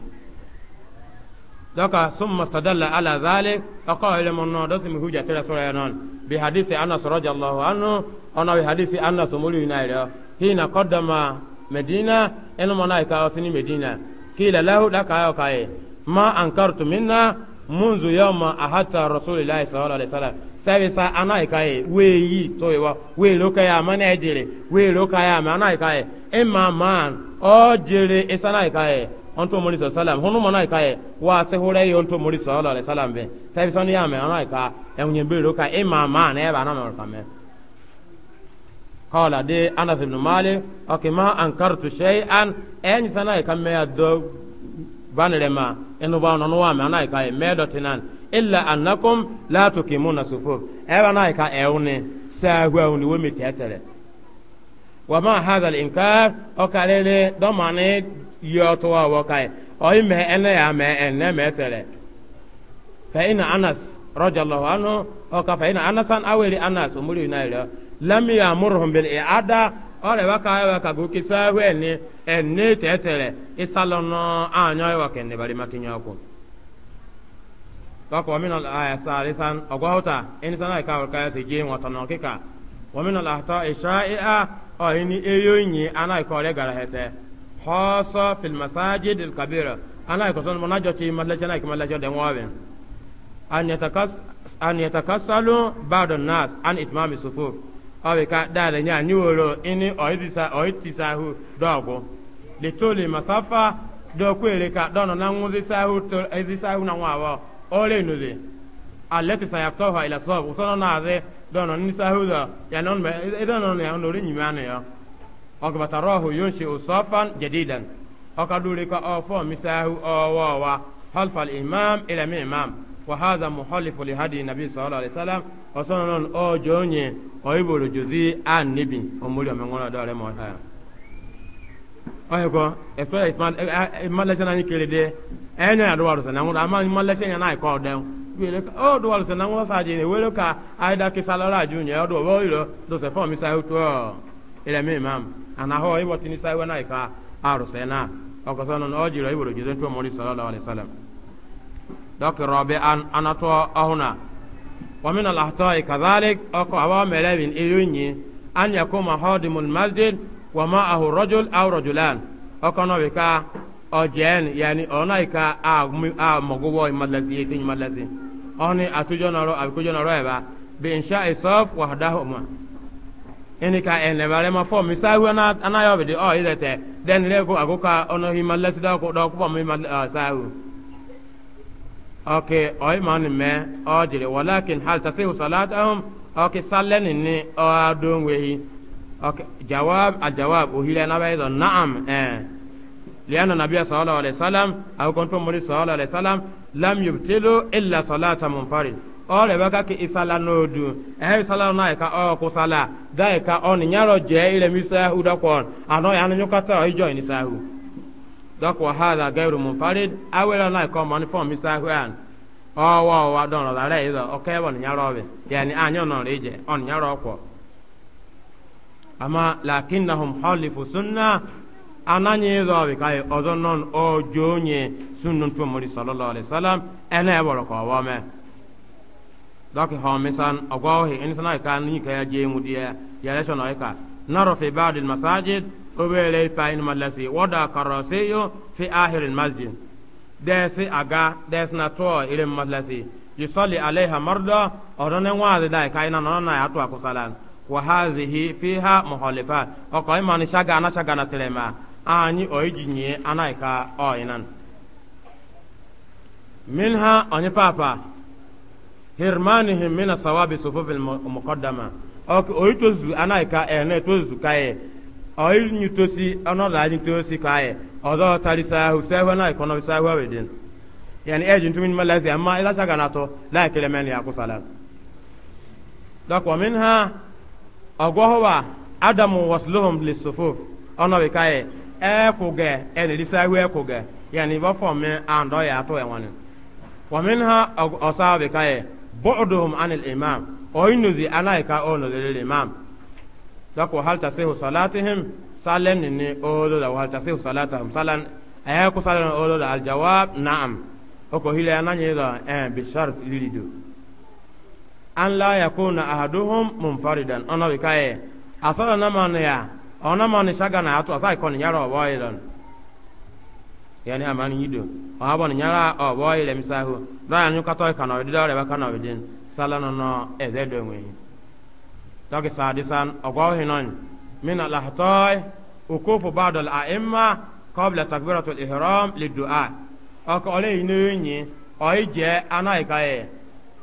dɔka sum mastadalla ala zalik ɔkɔ ilẹ mun nɔ dɔsi mi hujja tere sɔrɔ yɛ nɔn bi hadisi anas rɔjallahu anu ɔnɔ bi hadisi anas omuli yunayirɛ hina kila lahu daka ayo kaye ma ankartu minna munzu yawma ahata rasulillahi sallallahu alaihi wasallam sabi sa anai kaye we yi to wa we lo kaye amana ejere we lo kaye amana kaye imma man o jere isana kaye onto muri sallam hunu mana kaye wa se hore yi onto muri sallallahu alaihi wasallam be sabi sonu ya me anai ka e be lo kaye imma man e ba na me قال دي أنس بن مالك أوكي ما أنكرت شيئا أين سنة كم يدو بانرما إنه باونا نوام أنا كاي ميدو تنان إلا أنكم لا تقيمون صفوف أنا أنا كاي أوني ساهووني ومي تيتري وما هذا الإنكار أوكاليلي دوماني يوتوا وكاي أي ما أنا يا ما أنا ميتري فإن أنس رضي الله عنه أوكا فإن أنسا أولي أنس أمري نايلو lami amurhum bil i'ada ore waka ya waka go kisa we ni enne tetere isalono anya ya waka ne bari makinya ko wako min al aya salisan ogwauta in sana ka ka se je won tono kika wa min al ahta isha'a o ini eyoyin ana ko re gara hete khassa fil masajid al kabira ana ko son monajo ti mallaje na ki mallaje de ngwaben an yatakas an yatakassalu ba'da nas an itmami sufuf ọbịka dada nye anyụworo ini oitisahu dọgwụ litoli masafa dokwere ka dọnọ na nwụzisahu ezisahu na nwaawọ olenuzi aletisa ya tọhọ ilasọb usọnọ na-azị dọnọ ahụ dọ ya ịdọ nọ ịdọnọ ya nọ orinyi anụ ya ọgbatara ọhụ yonshi usọfan jedidan ọkadụrịka ọfọ misahu ọwọwa halfal imam ilemi imam وهذا مخالف لهدي النبي صلى الله عليه وسلم وصلنا او جوني او يبولو جزي ان نبي امولي امغونا دار ما ها ayiko espere imalese na ni kele de e, ya duwaru sana ngula ama imalese ya na iko de bile o duwaru sana ngula sa je ne wele ka aida ke salara junye o do wo ilo do se form isa e, uto ile mi mam ana ho ibo tini sa e, we na sana o ko sono o jiro mo ni دوك رابعا أنا تو أهنا ومن الأخطاء كذلك أكو أبا ملابين إيوني أن يكون حادم المسجد ومعه رجل أو رجلان أكو نوبكا أجين يعني أونايكا أمغوو مدلسي يتين مدلسي أوني أتوجو نرو أبكوجو نرو إبا بإنشاء صف وحدهما ini ka ene bare ma fo mi sawu na ana yo be de o ilete den le ko agoka ono hi malasi da ko do ko mi mal sawu okay oy man me ajire walakin hal tasihu salatahum okay sallen ni adon wehi okay jawab al jawab ohiri na baydo na'am eh لأن النبي صلى الله عليه وسلم أو كنت مولي salam lam عليه وسلم لم يبتلوا إلا صلاة kake isala n'odu ẹhẹ isala náà ẹka ọkọ sala dáa ẹka ọ nìyàrá jẹ ilẹ̀ dɔk wa hadha gairu munfarid awela na ko man fo mi sahu an o wa wa don la re ido o ke bon nyaro be yani anyo no reje on nyaro ko ama lakinnahum halifu sunna ananye ido be kai ozo non o jonye sunnun tu muri sallallahu alaihi wasallam ene woro e ko wa me dɔki e hɔmisan ɔgɔhi ɛnisana ka ni ka ya jee mu diɛ yɛrɛ sɔnɔ ka naro fi baadi masajid obele pain malasi wada karase yo fi ahir masjid desi aga des na to ile malasi yusalli alaiha marda orone wazi dai ka no na na atu akusalan wa hadhihi fiha muhalifat o ko imani shaga ana shaga na telema anyi oijinye anaika oinan ha onye papa hirmanihim min sawabi sufufil muqaddama o ko oitozu anaika ene tozu kae oil nyutosi another any tosi kai odo tarisa hu seven na ikono bisa hu wedin yani eji ntumi ni malazi amma ila saka nato la kele men ya kusala dak wa ha agwawa adamu wasluhum lisufuf ono be kai e kuge e ni bisa hu e kuge yani ba form me ando ya to e wani wa minha osabe kai bu'duhum anil imam oinuzi anaika ono lele imam dako hal tasihu salatihim salen ni odo da hal tasihu salatahum salan ay ko salan odo da aljawab na'am oko hile ananye da eh bi shart lilidu an la yakuna ahaduhum munfaridan ona bi kae asala na man ya ona man shaga na atu asai kon nyara obo idan yani amani yido abo ni nyara obo ile misahu da anyu katoy kana odida re ba kana odin salan no ezedo enwe لك سادسا أقوه نون من الأحطاء وقوف بعض الأئمة قبل تكبيرة الإحرام للدعاء أقوله نوني أيجي أنا إكاية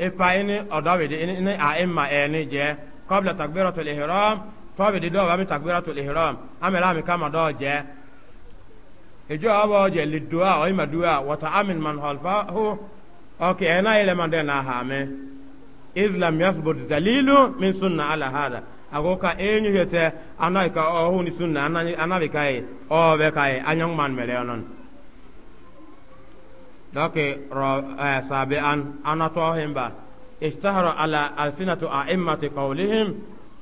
إفا إني أدويد إني أئمة إني جي قبل تكبيرة الإحرام tɔbi di dɔw ami takbiratul ihram ami la ami kama dɔw jɛ ijo abo jɛ li duwa o ima duwa wata amin man hɔlfa hu ɔki ɛna yɛlɛ man dɛ na haami islam yasbut dalilu min sunna ala hada ago ka enyu yete anai ka o huni sunna anani anabi kai o be kai anyang man mele onon doke ro eh, sabi an anato himba ishtahara ala alsinatu a'immati qawlihim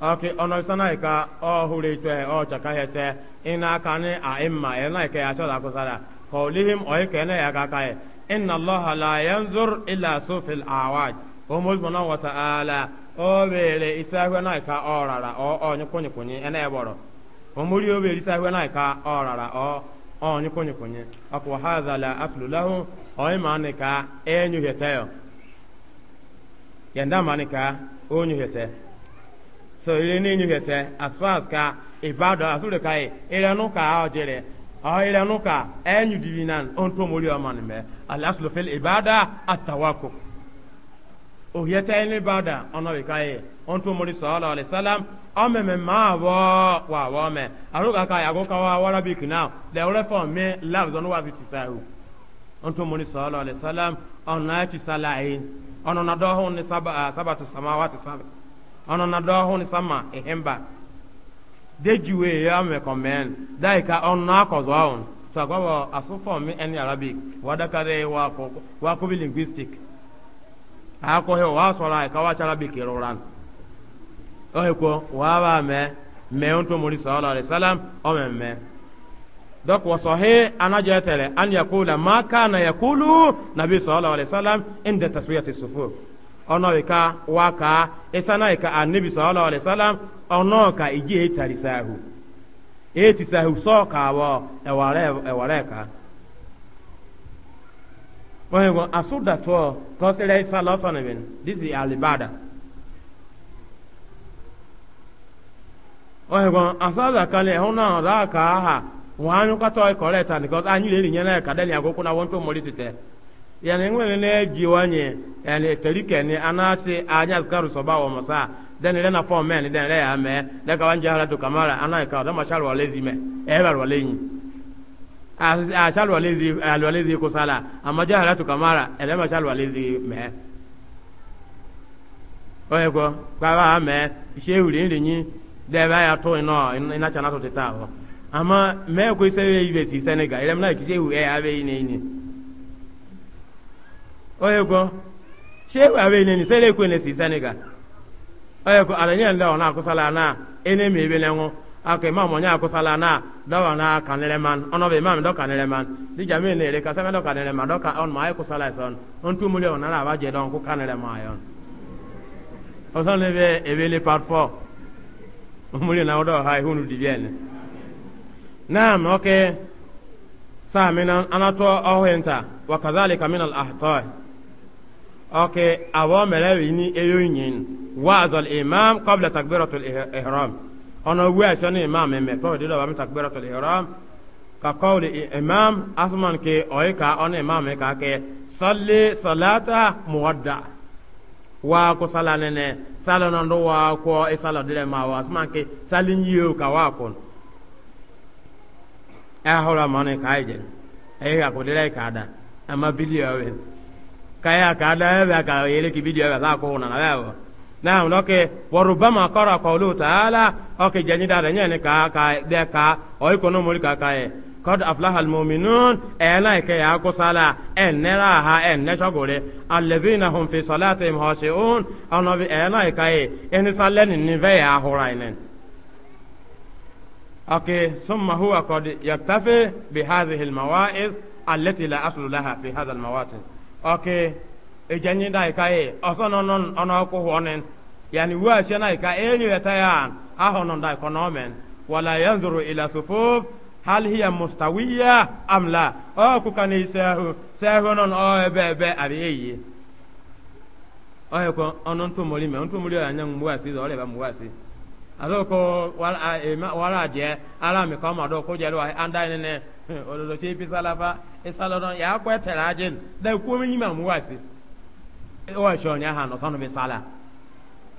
oke ono sanai ka o hure to o chaka hete ina kane a'imma ina ke ya chola kusala qawlihim o ke ne ya ka kai inna allaha la yanzur ila sufil awaj omozmana wata ala o were isahwe na ka ọrara ọ ọnyụkwụnyụkwụnye ena ebọrọ omori o were isahwe na ka ọrara ọ ọnyụkwụnyụkwụnye ọkwa ha zala afụlụlahụ ọnyịmanị ka enyuhete ya yanda manị ka onyuhete so ile ni nyuhete as far as ka ibado asule kai ile nu ka ojere o ile nu ka enyudiri nan onto omori ọmanị me alasulu fil ibada atawakụ ohietaini bada ọnọbikaye ontumori sọọlọ o ọmeme maabọ wàwọ ọmẹ arúgàkà wa warabik náà lẹwúrẹ fọ mi láàbùzọ ní wàá fi tìsáyò ontumori sọọlọ alisalam ọ̀nà ẹ̀tìsálàyé ọ̀nà dọ́hùn ní sábàtì samáwá ti sábà ọ̀nà dọ́hùn ní sámà ìhìnbà déjúwe yà mẹkọmẹ́n dáìka ọ̀nà akọ̀zọ́ ọ̀hún sọ̀gbọ́n wọ asúfọ̀ mi ẹni arabic wàdàkàrẹ́ wa kóbi linguistic. akohe wa sɔra ka wa cara bi kiroran ohe ko wa ba mɛ mɛ onto muri sallallahu alaihi wasallam o mɛ mɛ donc wa sahih anaje tele an yakula ma nabi ka wa ka isana ka annabi sallallahu alaihi wasallam ka iji e, e, e, e ka wọn yẹ wọn kọsịrị tọ kọsílẹ isa lọsọ nìbẹ disi alibada wọn yẹ wọn asoda náà ọdọ aka aha wọn anyu katọ ẹkọrẹ ta nìkan anyi anyị rìn yẹn náà kàdé ní àkókò náà wọn tó mọlì tètè yẹn ní wọn lè jí yẹ ẹni anya sikaru sọba wọn mọ sáà dẹni lẹna fọọmù mẹ ni wọn tó a asalwalezi alwalezi kusala amma jahalatu kamara elema salwalezi me oye ko baba mee, shehu le ndenyi de ba ya to ino ina chana to tetawo amma me ko isewe ibe si senega elema na shehu e abe ine ine oye ko shehu abe ine ni sele ko ne si senega oye ko alanya nda ona kusala na ene mebe lenwo aka imam onye akwụsala na dọwa na kaneleman ọnọbụ imam dọ kaneleman dija mi na-ere ka sẹmẹ dọ kaneleman dọ ka ọnụ ma anyị kwụsala ịsọ ọnụ ntu mmiri ọnụ na-aba je dọ nkwụ kaneleman ayọ ọsọ na ebe ebele part 4 mmiri na ọdọ ha ihu n'udi bịa ne naam oke saa mi na anatọ ọhụrụ nta wakazali kaminal ahtọị oke awọ mere ni eyo nyin waazọl imam kọbla takbiratul ihram أنا ويشان إمام إمام فهو دلو بامي تكبيرة الإحرام كقول إمام أسمان كي أويكا أنا إمام كا كي صلي صلاة nene ke ka waako e ka da ama bidiyo we kaya ka da e ka yele ki bidiyo we sa ko na naam loke warubama kora qawlu ta'ala oke jani da da nyane ka ka de ka o ikono mori ka kae qad aflaha almu'minun ela ke ya ko sala en nera ha en ne shogore allazina hum fi salatihim khashi'un ana bi ela kae en salen ni ve ya horainen oke summa huwa qad yaktafi bi hadhihi almawa'iz allati la aslu laha fi hadha almawatin oke ejanyi da ka e ọsọ nọ nọ ọnụ ọkụ ọnụ yani wu ashe na ka enyi weta ya ahụ nọ da kọnọ Wala ya yanzuru ila sufuf hal hiya mustawiya amla ọ kuka na ise ahụ se ahụ nọ ọ ebe ebe abi eyi ọ ekwe ọnụ ntụmori me ntụmori ọ anya mgbu asị ọ leba mgbu asị azọkọ wala e, jẹ ala mi kọ ma dọ ko jẹri wa anda yi ne ololosi ipisalafa isalọdọ e ya kọ tẹrẹ ajin dẹ kó mi yi ma mgbu asị. wa shon ya hano sanu misala, sala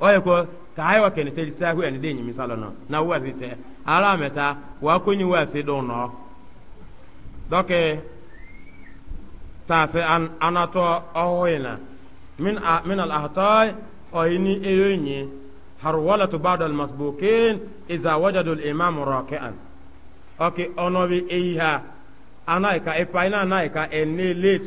oye ko ka ayo ke ne teli sahu en de nyimi sala no na wa zite ala meta wa kunyi wa se do no doke ta se an anato ohoyna min a, min al ahtai oyini eyonyi harwalatu ba'da al masbukin iza wajadu al imam raki'an oke onobi eiha anaika epaina anaika en late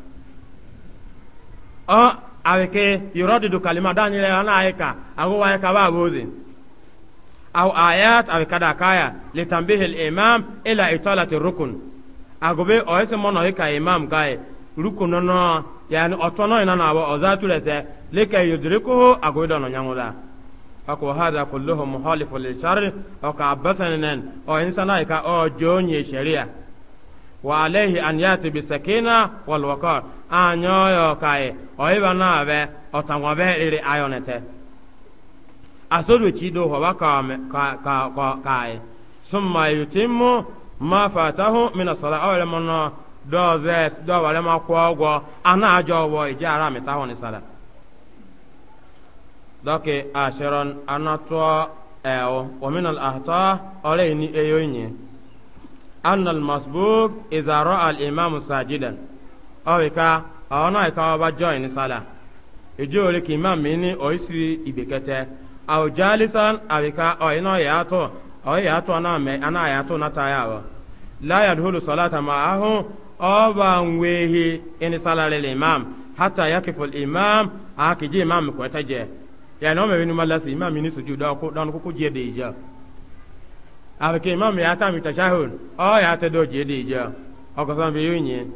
on aweke yuradidu kalima danyele ana ayeka ago wayeka ba bozi aw ayat awekada kaya litambihi al-imam ila italati rukun agobe oyese mono hika imam gaye rukun nono yani otono ina na abo ozatulete lika yudrikuhu agobe dono nyanguda ako hada kulluhu muhalifu lil shari o ka abasanen o insana ka o jonye sharia wa alaihi an yati bi sakina wal waqar anyoyo kai oiba na be otanwabe ire ayonete asodu chido ho waka ka ka ka kai summa yutimmu ma fatahu min as-salat aw lamma do ze do wale ma kwa ogwo ana ajo wo ije ara mi ta ho ni sala doke asharon anato eo wa min al-ahta alayni eyoyin أن المسبوق إذا رأى الإمام ساجدا أو إكا أو نا إكا أبا جوين صلاة إجو لك إمام مني أو يسري إبكتة أو جالسا أو إكا أو إنا يأتو أو يأتو أنا مي أنا يأتو نتايا لا يدخل صلاة معه أبا ويه إن صلاة للإمام حتى يقف الإمام أكجي إمام كوتجي يعني أمي بني ملاسي إمام مني سجود أو كو دان كو كو جيدي إجاب abike imam ya ta mitashahud o ya ta do je di jo o ko san bi yunye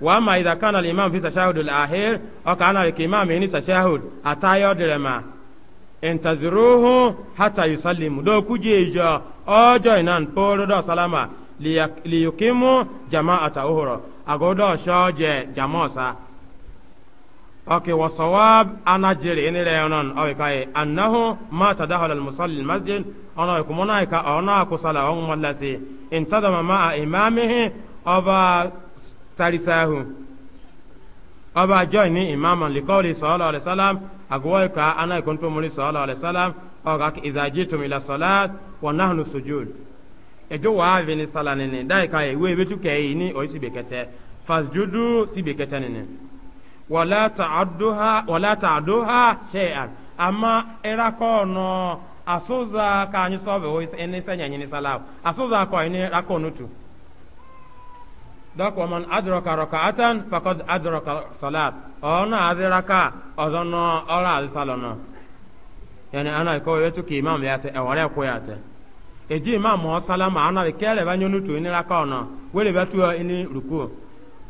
wa ma idha kana al imam fi tashahud al akhir o kana al imam ni tashahud atayo direma intaziruhu hatta yusallimu do kuje jo o jo inan poro do salama liyukimu jama'ata uhura agodo shoje jamosa okay wa sawab ana jere ini le onon awe kai annahu ma tadahala al musalli al masjid ona ko mona ka ona ko sala on mallasi intadama ma imamihi aba tarisahu aba join ni imama li qawli sallallahu alaihi wasallam agwa ka ana ko to muri sallallahu alaihi wasallam o ga ki idza jitum ila salat wa nahnu sujud ejo wa vini sala nene dai kai we betu kai ni o sibe fasjudu sibe kete nene wala ta'adduha wala ta'duha shay'an amma ira ko asuza ka anyi sobe wo ene sanya nyini salaw asuza ko ene rakonutu dako man adraka raka'atan faqad adraka salat ona adraka ozono ora imam eji o salama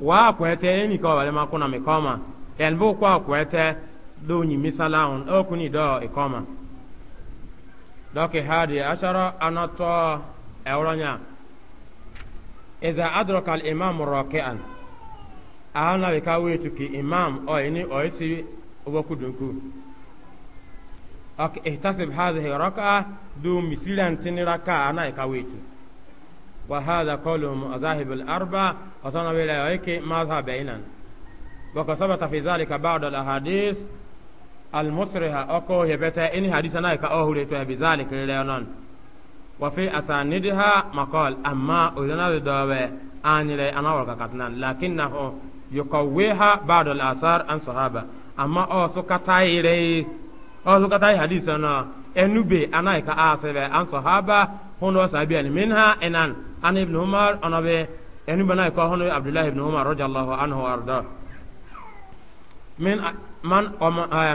wa kwete eni ko wale makuna mikoma en bu kwa kwete do nyi misala on o kuni do ikoma doke hadi ashara anato euronya idha adraka al imam raki'an ana be ka wetu ki imam o ini o isi obokudunku ok ihtasib hadhihi raka'a do misilan tin raka'a ana ka wetu وهذا قول مذاهب الأربع وصنع بلايك مذهب بينا وكثبت في ذلك بعض الأحاديث المصرحة أكو هبتا إن حديثنا كأوه لتوه بذلك لليونان وفي أساندها مقال أما أذنا ذدوه آن لي أنا وككتنان لكنه يقويها بعض الآثار عن صحابة أما أو سكتاي لي أو سكتاي حديثنا أنوبي أنا كأسفة عن صحابة هنا سابيا منها إنان an ibn umar ana be enu bana ko hono abdullah ibn umar radiyallahu anhu arda min man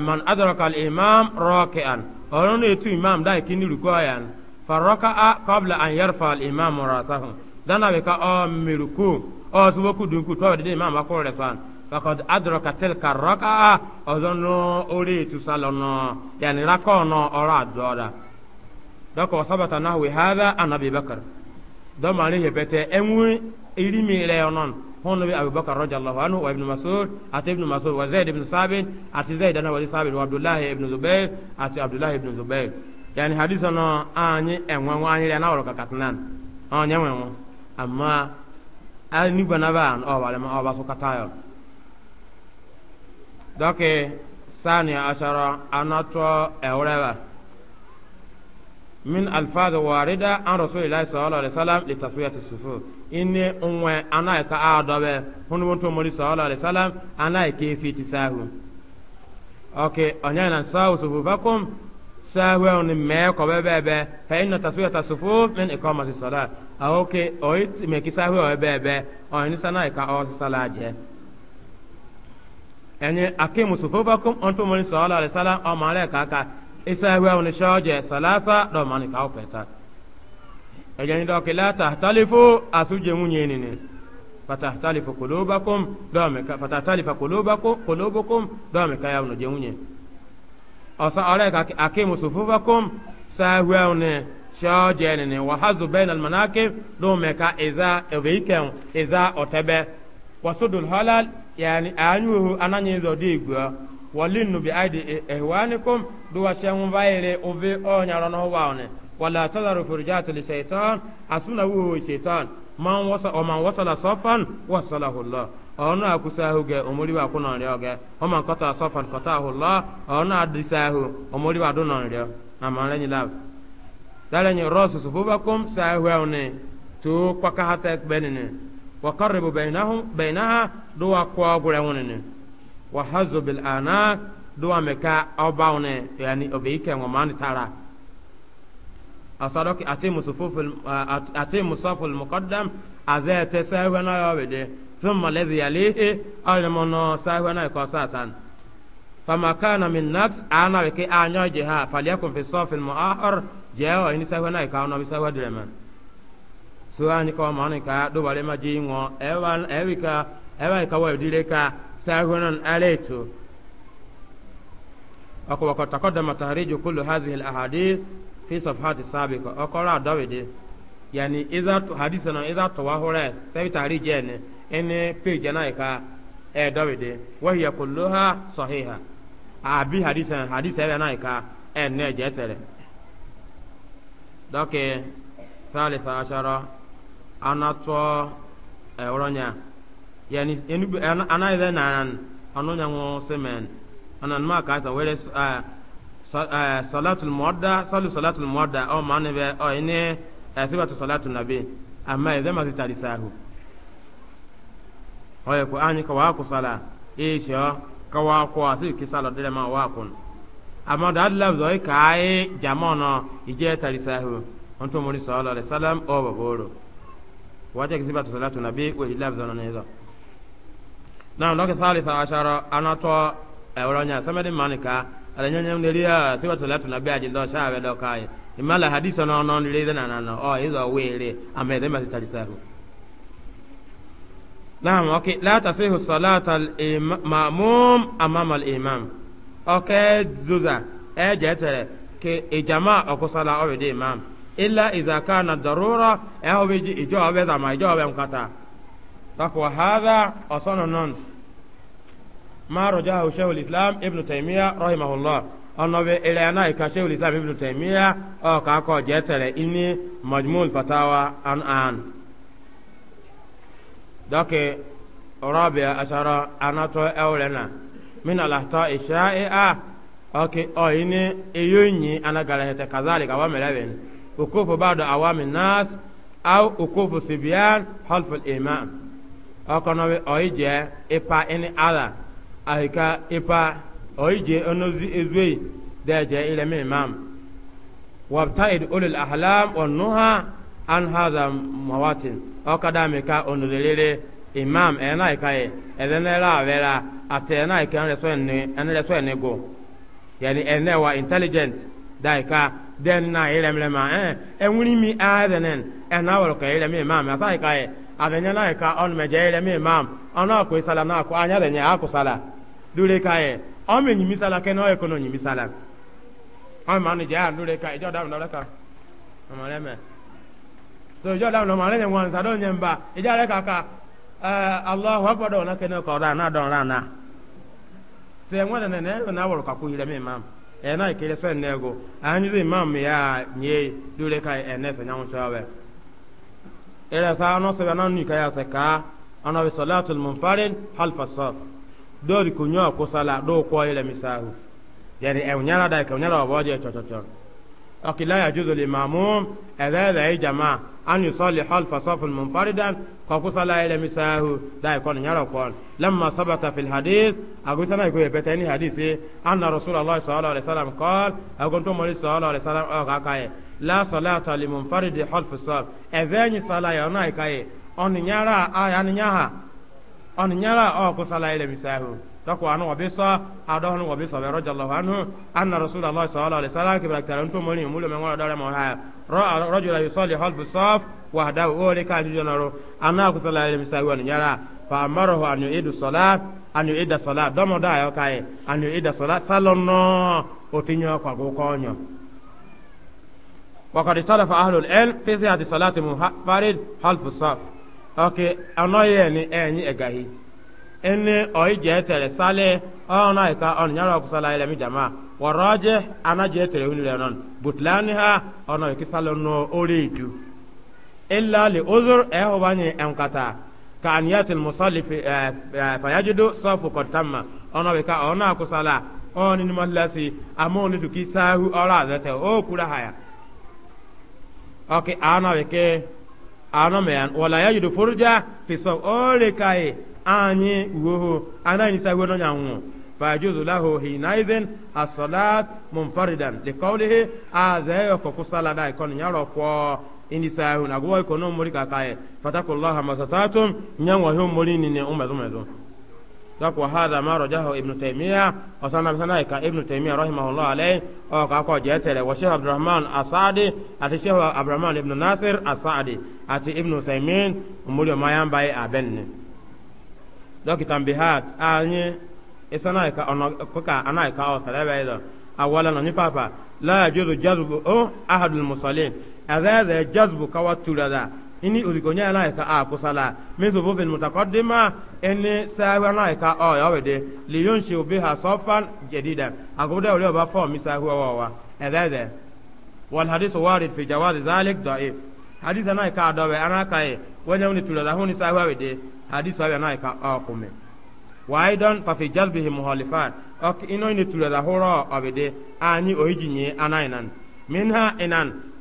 man adraka al imam raki'an ono ne tu imam dai kini rukoyan faraka qabla an yarfa al imam ratahu dana be ka o miruku o suboku dunku to de imam akore fan fakad adraka tilka raka'a ozono ore tu salono yani rakono ora doda dako sabata nahwi hadha an abi bakr dɔmani yɛpɛtɛ ɛŋu irimi rɛ ɔnɔn hɔn bi abubakar rɔjallahu anhu wa ibnu masud ati ibnu masud wa zayd ibnu sabit ati zayd ana wali sabit wa abdullahi ibnu zubair ati abdullahi ibnu zubair yani hadisa nɔ anyi ɛŋwɛŋu anyi rɛ anawɔrɔ kakatinan ɔn nyɛ ŋwɛŋu amma ani bana ba ɔba lɛma ɔba kata katayɔ dɔke sani asara anatɔ ɛwrɛ e ba min alfaz warida an rasulillahi sallallahu alaihi wasallam li taswiyati sufur inni unwe ana ka adabe hunu wonto mori sallallahu alaihi wasallam ana ke fi tisahu okay onyana sawu sufufakum sahu on me ko bebebe fa inna taswiyata sufur min iqamati salat okay oit me kisahu obebe onyani sana ka o salaje enye akimu sufufakum onto mori sallallahu alaihi wasallam o mare kaka isawe wani shoje salasa do mani kawo peta ejani do kila tahtalifu asuje munye ni ne fatahtalifu kulubakum do me ka fatahtalifa kulubakum kulubukum do me ka yawno je munye osa ore ka akimu sufufakum sawe wani shoje ni ne wahazu bainal manakib do me ka iza evikem iza otebe wasudul halal yani anyuhu ananyizo digwa walinnu bi aidi ihwanikum e- duwa shengun bayire ubi o nyaro no waone wala tadaru furjat li shaytan asuna wo shaytan man wasa o man wasala safan wasalahu allah ona akusahu ge omori wa kuno nri oge o man kota safan kotahu allah ona adisahu omori wa duno nri amare nyi lab dalanyi rasu sufubakum sahu awne tu kwaka hata ekbenene wa qarribu bainahum bainaha duwa kwa gure wonene wa hazo bil ana do ame ka obaw ne yani obe ngo man tara asadoki ate musufuful eh, ate musaful muqaddam azete sahwa na yawede thumma alladhi yalihi almono sahwa na ko sasan fama kana min nafs ana weke anyo jeha falyakum fi safil muahar jeo ini sahwa na ka ono bi sahwa direman so ani ko manika ka do bare ma ngo ewa ewika ewa ka wa direka ساهنا عليت وقد تقدم تهريج كل هذه الأحاديث في صفحات السابقة أقرأ داود يعني إذا حديثنا إذا تواهر سوي تهريج يعني إن في جنائك إيه داود وهي كلها صحيحة أبي حديثنا حديث جنائك إن إيه دوكي ثالث عشر أنا تو أورانيا yani enu ana ile na nan anu nyango semen anan ma ka eh, sa wele eh, salatul muadda salu salatul muadda o mane be o ine asibatu eh, salatul nabi amma idan ma tari sahu oye ko anyi ka wa ku sala e sho ka wa ku asi ki sala dele ma wa kun amma da Allah zo ka ai jamono ije tari sahu onto muri sallallahu alaihi wasallam o baboro waje ki sibatu salatu nabi wa illa zonana na loke thalitha ashara anato ewronya samedi manika ala nyonya ndelia siwa tulatu na biaji ndo shawe do kai imala hadisa no no nile na no o hizo wele amede masitalisahu naam okay la tasihu salata al ma'mum amama al imam okay zuza ejetere eh, ke ijama okusala obede imam illa idha kana darura ehobeji ijo obeza ma ijo obemkata تقوى هذا أصان النانس ما رجاه شيخ الإسلام ابن تيمية رحمه الله النبي إلى أنا كان شيخ الإسلام ابن تيمية أو كاكو جيتل إني مجموع الفتاوى أن أن دوك رابع أشارة أنا تو أولنا من الأخطاء الشائعة أوكي أو إني إيوني أنا قاله كذلك أوام الأبن وكوف بعض أوام الناس أو وكوف سبيان حلف الإيمان ọkọnọbe ọyije ịpa ịnị ala ahika ịpa ọyije onozi ezue deje ilemi imam wabtaid ulil ahlam onuha an hadha mawatin ọkadami ka onulelele imam ena ikaye edenela avela ate ena ike enreso enigo yani ene wa intelligent daika den na ilemlema eh enwuri mi adenen ena wọrọ ka ilemi imam asa ikaye abenye na ka on meje ile mi imam ona ko isala na ko anya benye akusala dure ka e ọ ma nyi misala ke na ọ ko no nyi misala ọ ma ni je ya dure ka ijo da na ka amare me so ijo da na mare ne wan sa do nye mba ijo re ka ka eh allah akbar do na ke no ko ra na do ra na se enwe ne ne na woro ka ku ile mi imam e na ikele so ne go anyi imam ya nye dure ka e ne fe nyanwo إلى ساعة نص بنان يكيا سكا أنا بصلاة المنفرد خلف الصف دو دي كونيو كو صلاة دو كو إلى مساهو يعني أو نيالا داي كو نيالا وواجي تشتشر أكي لا يجوز للمأموم إذا إذا أي جماعة أن يصلي خلف الصف المنفردا كو كو صلاة إلى مساهو داي كون نيالا كون لما ثبت في الحديث أقول سنة يكو يبتيني حديثي أن رسول الله صلى الله عليه وسلم قال أقول تومولي صلى الله عليه وسلم أو غاكاي la salata limun faridi halfi sab evenyi sala ya ona ikaye oninyara ayaninyaha oninyara oku sala ile misahu tako anu wabisa adahun wabisa bi radiyallahu anhu anna rasulullah sallallahu alaihi wasallam kibra taran to moni mulo men wala dare mo ha rajula yusalli halfi sab wa hada ole ka ju jonaro anna ku sala ile misahu oninyara fa amarahu an yu'idu salat an yu'ida salat domo da yo kai an yu'ida salat salonno otinyo kwa go وقد اختلف أهل العلم في صحة صلاة منفرد خلف الصف أوكي أنا يعني أني أجاهي إني أي جيتر سالي أنا إكا أن يرى صلاة لم جماعة والراجح أنا جيتر هنا لنون بطلانها أنا إكي صلاة أريد إلا لأذر أهو بني أنقطع كأن يأتي المصلي في فيجد صف قد تم أنا إكا أنا أكو صلاة أنا نملسي أمون تكي ساهو أرى ذاته أو هيا ok ana weke ana meyan wala ya yudu furja fi so kai anyi woho ana ni sawo no nyawo fa juzu lahu hinaizin as-salat munfaridan li qawlihi azaya ko kusala dai kon nyaro ko na go ko no muri ka kai fatakullaha masatatun nyawo ho muri ni ne umazu mazu ذاك وهذا ما رجحه ابن تيمية وصنع بسنائك ابن تيمية رحمه الله عليه وقاكو جيتل وشيخ عبد الرحمن أسعدي أتي شيخ عبد الرحمن ابن ناصر أسعدي أتي ابن سيمين ومولي ما ينبعي أبن ذاك تنبيهات أعني إسنائك أنك أنائك أو سلابة أولا نني بابا لا يجوز جذب أحد المصلين أذا ذا جذب كواتو لذا ini urigonya laika a kusala mezo bobe mutaqaddima ene sawa na ka o oh, ya wede liyon shi biha safan jadida agoda ole ba fo misa huwa wawa edede eh, wal hadithu warid fi jawaz zalik da'if haditha na ka dawe ana kai wanya ni tulala huni sawa wede hadithu sawa na ka akume oh, wa aidan fa fi jalbihi muhalifat ok ino ni tulala horo obede ani oyijinye anainan minha inan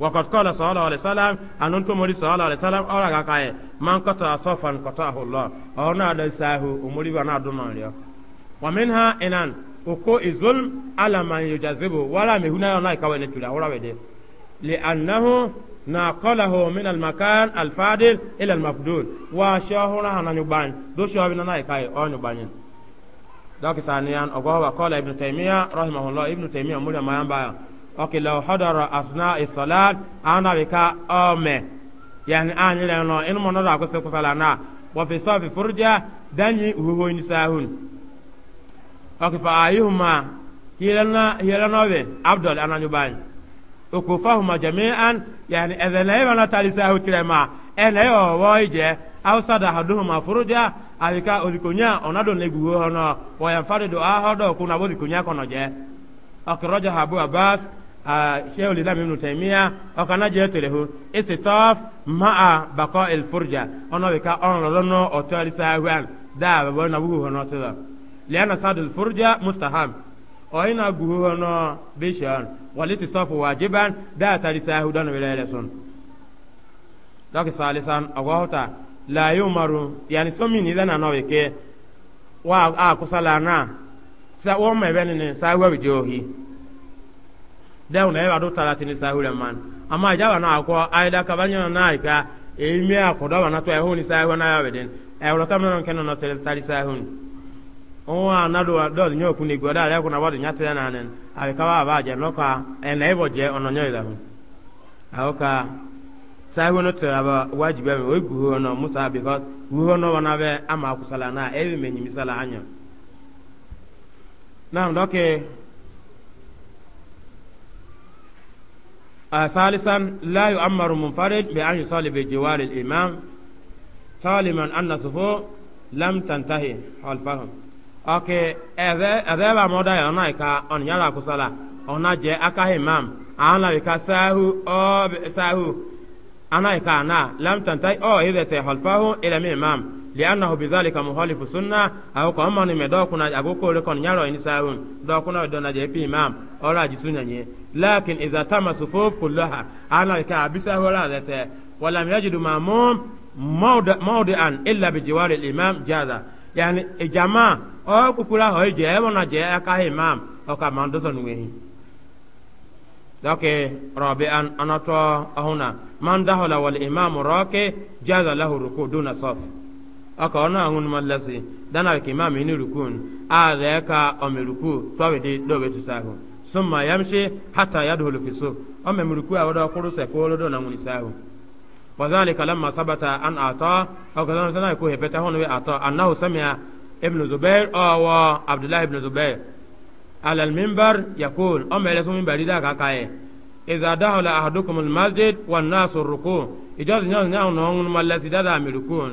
وقد قال صلى الله عليه وسلم أن أنتم مولي صلى الله عليه وسلم أولا كاي من قطع صفا قطعه الله أولا لساه أمري وانا دمان ومنها إنان أكو الظلم على من يجذبه ولا مهنا يناي كوين تولا ولا بدي لأنه ناقله من المكان الفاضل إلى المفضول وشاهنا هنا نبان دو شاهنا ناي كاي أو نبانين دوك سانيان أقوى وقال ابن تيمية رحمه الله ابن تيمية مولي ما ينبغي oke law hadara asna isalat ana bika ome yani anyi le no in mo no da ko se ko sala na wa fi safi furja danyi huho ni sahun oke fa ayuma hilana hilana be abdul ananyu ban oko fahuma jami'an yani edana ibana talisa hutrema ene yo woije awsada haduhuma furuja abika olikonya onado neguho no wa yanfaridu ahodo kuna bolikonya kono je akrajaha habu abas shehu lislam ibnu taimiya ɔkana jɛ telehu isitɔf maa bakɔ elfurja ɔnɔ bi ka ɔnlɔlɔnɔ ɔtɔli sahuan daa bɛ bɔ na wuhu hɔnɔ ti la liana sadu elfurja mustaham ɔyina guhu hɔnɔ bishan wali sitɔf wajiban daa tali sahu dɔn bi lɛɛrɛ sun dɔki salisan ɔgɔhota laayu maru yani somi ni dana nɔ bi ke waa a kusa laana sa wɔn mɛ bɛ nini sahuwa bi joohi. dɛw na ɛbɛ do tala tini sahura man amma jaba na akwọ ayida kaba na ayika emi akɔdɔ ba na ɛhu ni na ya bɛden ɛwɔlɔ tam na na tɛlɛ tali sahura wọn a na do dɔw nyɛ okun ne gbɔdɔ ale ya wɔdi nyɛ a bɛ kaba a b'a jɛ lɔka ɛnɛ ibɔ jɛ ɔnɔ hun ka aba mi o gu because gu nɔ ثالثا لا يؤمر منفرد بأن يصلي بجوار الإمام طالما أن صفو لم تنتهي خلفهم أوكي أذا ما مدى ينايكا أن يرى كسلا أن جاء أكا إمام أنا يكا ساهو أو ساهو أنا يكا أنا لم تنتهي أو إذا تخلفه إلى إمام li'annahu bidhalika muhalifu sunna au kwa mani medo kuna agoko le kon nyaro ini sawun do kuna do na jepi imam ora jisunna nye lakin idha tama sufuf kullaha ana ka abisa wala zata wala yajidu ma'mum mawda mawdi'an illa bi jiwari imam jaza yani jamaa o kukula ho je e wona je aka imam o ka mando son wehi doke robe an anato ahuna man dahala wal imam rake jaza lahu ruku duna safi aka ọna ahun mallasi dana ke ma mini rukun a da ka o mi ruku to we de do we tusahu summa yamshi hatta yadhulu fi suq o mi ruku a wada kuru se ko do na nguni sahu وذلك لما ثبت أن أعطى أو كذا مثلا يكون هبته أعطى أنه سمع ابن زبير أو عبد الله بن زبير على المنبر يقول أم إلى منبر إذا كاكاي إذا دخل أحدكم المسجد والناس الركوع إجاز نيان نيان نون مالتي دادا ملكون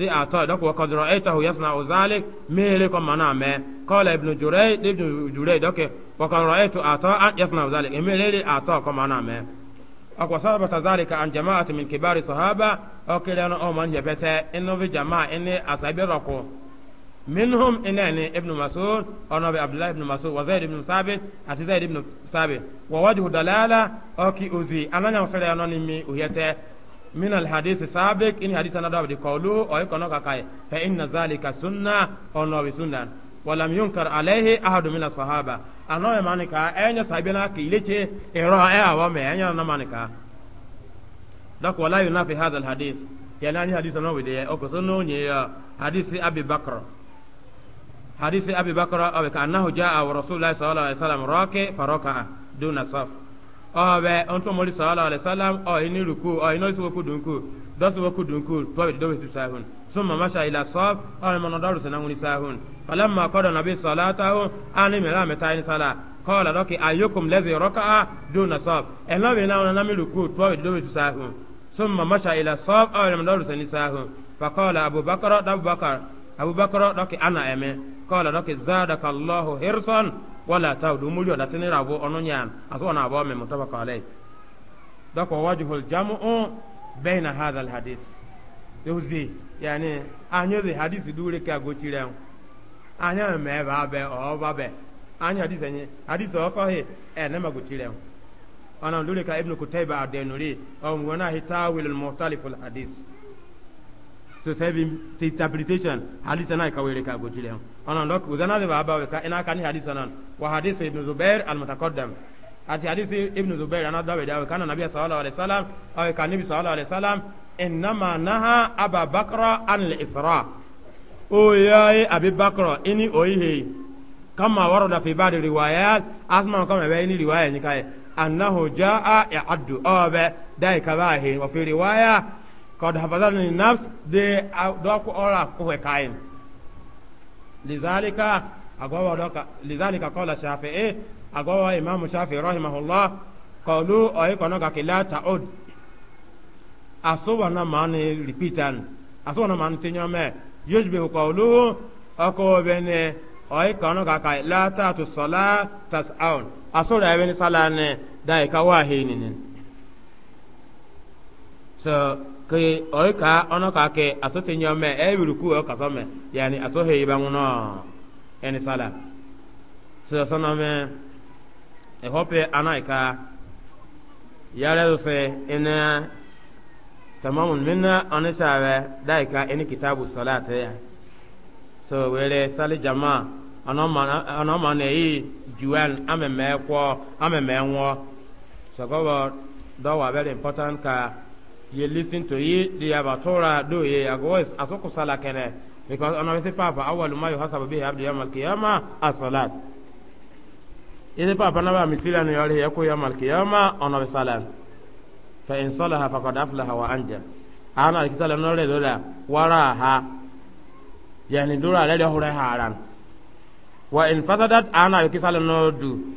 دي أعطاه دك وقد رأيته يصنع ذلك ميلكم منا ما قال ابن جريج ابن جريج دك وقد رأيت أعطاه يصنع ذلك ميلي أعطاكم منا ما أكو ثبت ذلك عن جماعة من كبار الصحابة أكلنا أمن يبتا إنه في جماعة إني أصابركم منهم إنني ابن مسعود أنا عبد الله ابن مسعود وزيد ابن ثابت أتي زيد ابن ثابت ووجه دلالة أكي أزي أنا نعم سريانا نمي أهيته من الحديث السابق إن حديث أنا دابدي قوله أو يكون كاي فإن ذلك سنة أو نو سنة ولم ينكر عليه أحد من الصحابة أنا يماني كا أين صاحبنا كيلتي إراء أوامي أين نماني كا دك ولا ينافي هذا الحديث يعني أنا حديث أنا ودي أو كسنو ني حديث أبي بكر حديث أبي بكر أو كأنه جاء ورسول الله صلى الله عليه وسلم راكع فركع دون صف ọbẹ ọntọmọdé sọlá alẹsálàm ọyìnì rúkú ọyìnì ọsibọkú dùnkù dọsibọkú dùnkù tọbi dọbi tu sáhùn súnmọ máṣá ilà sọf ọrìn mọnà dọrùsẹ náà wúni sáhùn ọlọmọ akọdọ nàbí sọlá táwọn àní mìíràn mẹta ẹni sálà kọlà lọkì ayọkùn lẹsẹ rọkà dùnà sọf ẹnlọbi náà wọn nàmi rúkú tọbi dọbi tu sáhùn súnmọ máṣá ilà sọf ọrìn mọnà dọrùsẹ ní sáhùn fakọlà abubakar abubakar lọkì ana ẹmẹ kọlà lọkì zádàkàlọhù Hirson wala tawdu mulyo latini rabo onu nyam aso na abo me mutabaqa alay dako wajhul jam'u baina hadha alhadith yuzi yani anyo the hadith dure ka gochire anya me ba be o ba be anya hadith enye hadith o so he e na magochire ana dure ka ibn kutayba adenuri o ngona hitawil almuhtalif alhadith so sebi te interpretation hadisa na ka wele ka gojile ona ndok uzana de baba ka ina kan hadisa na? wa hadisa ibn zubair al mutaqaddam ati hadisi ibn zubair ana dawe dawe kana nabi sallallahu alaihi wasallam aw ka nabi sallallahu alaihi wasallam innama naha aba bakra an al isra o yayi abi bakra ini oyihe kama warada fi ba'd riwayat asma kama bayni riwaya nyikaye annahu jaa ya'addu abe dai kabahi wa fi riwaya قد حفظتني النفس دي دوكو أورا كوه كاين لذلك أقوى دوكا لذلك قال الشافعي أقوى إمام الشافعي رحمه الله قالوا أيكو نوكا لا تعود أصوى نماني ريبيتان أصوى نماني تنيومي يشبه قوله أقوى بني أيكو نوكا لا تعود الصلاة تسعون أصوى بني صلاة دايكا واهينين So, ke oy ka ono ka ke aso te nyome e biruku o ka some yani aso he ba ngono yani sala so so no me e hope anaika yare se ina tamamun minna anisawe daika ini kitabu salate ya so were sali jama ana ma na yi juan ameme kwa ameme nwo so go dọwa very important ka ye listen to ye di abatora do ye agoes asoko sala kene because ana wese papa awwalu ma yuhasabu bihi abdu yawm al-qiyamah as-salat ile papa na ba misila no yale yako yawm al-qiyamah ona wesala fa in salaha faqad aflaha wa anja ana kisala no le dola wara ha yani dura le hore haran wa in fasadat ana kisala no du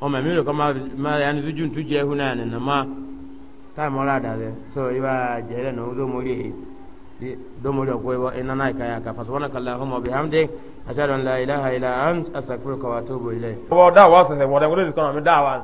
ọmọ mi lọkọ máa yanu tó jùn tó jẹ ẹhu náà nìyẹn máa táì mọ́ láàdá rẹ so ibà jẹ́rẹ̀ náà dómórí èyí dómórí ọ̀pọ̀ ẹwọ iná náà ìkàyà ká fàṣọwọ́nà kàlà ọmọ ọbẹ̀ hamdi aṣáájú ńlá ilá ha ilá am asàkúrò kọ̀wá tó bò ilẹ̀. ọwọ́ dáwọ́ sẹ̀sẹ̀ wọ́n dẹ́gbẹ́dẹ́ ìkọ́nà mi dáwà.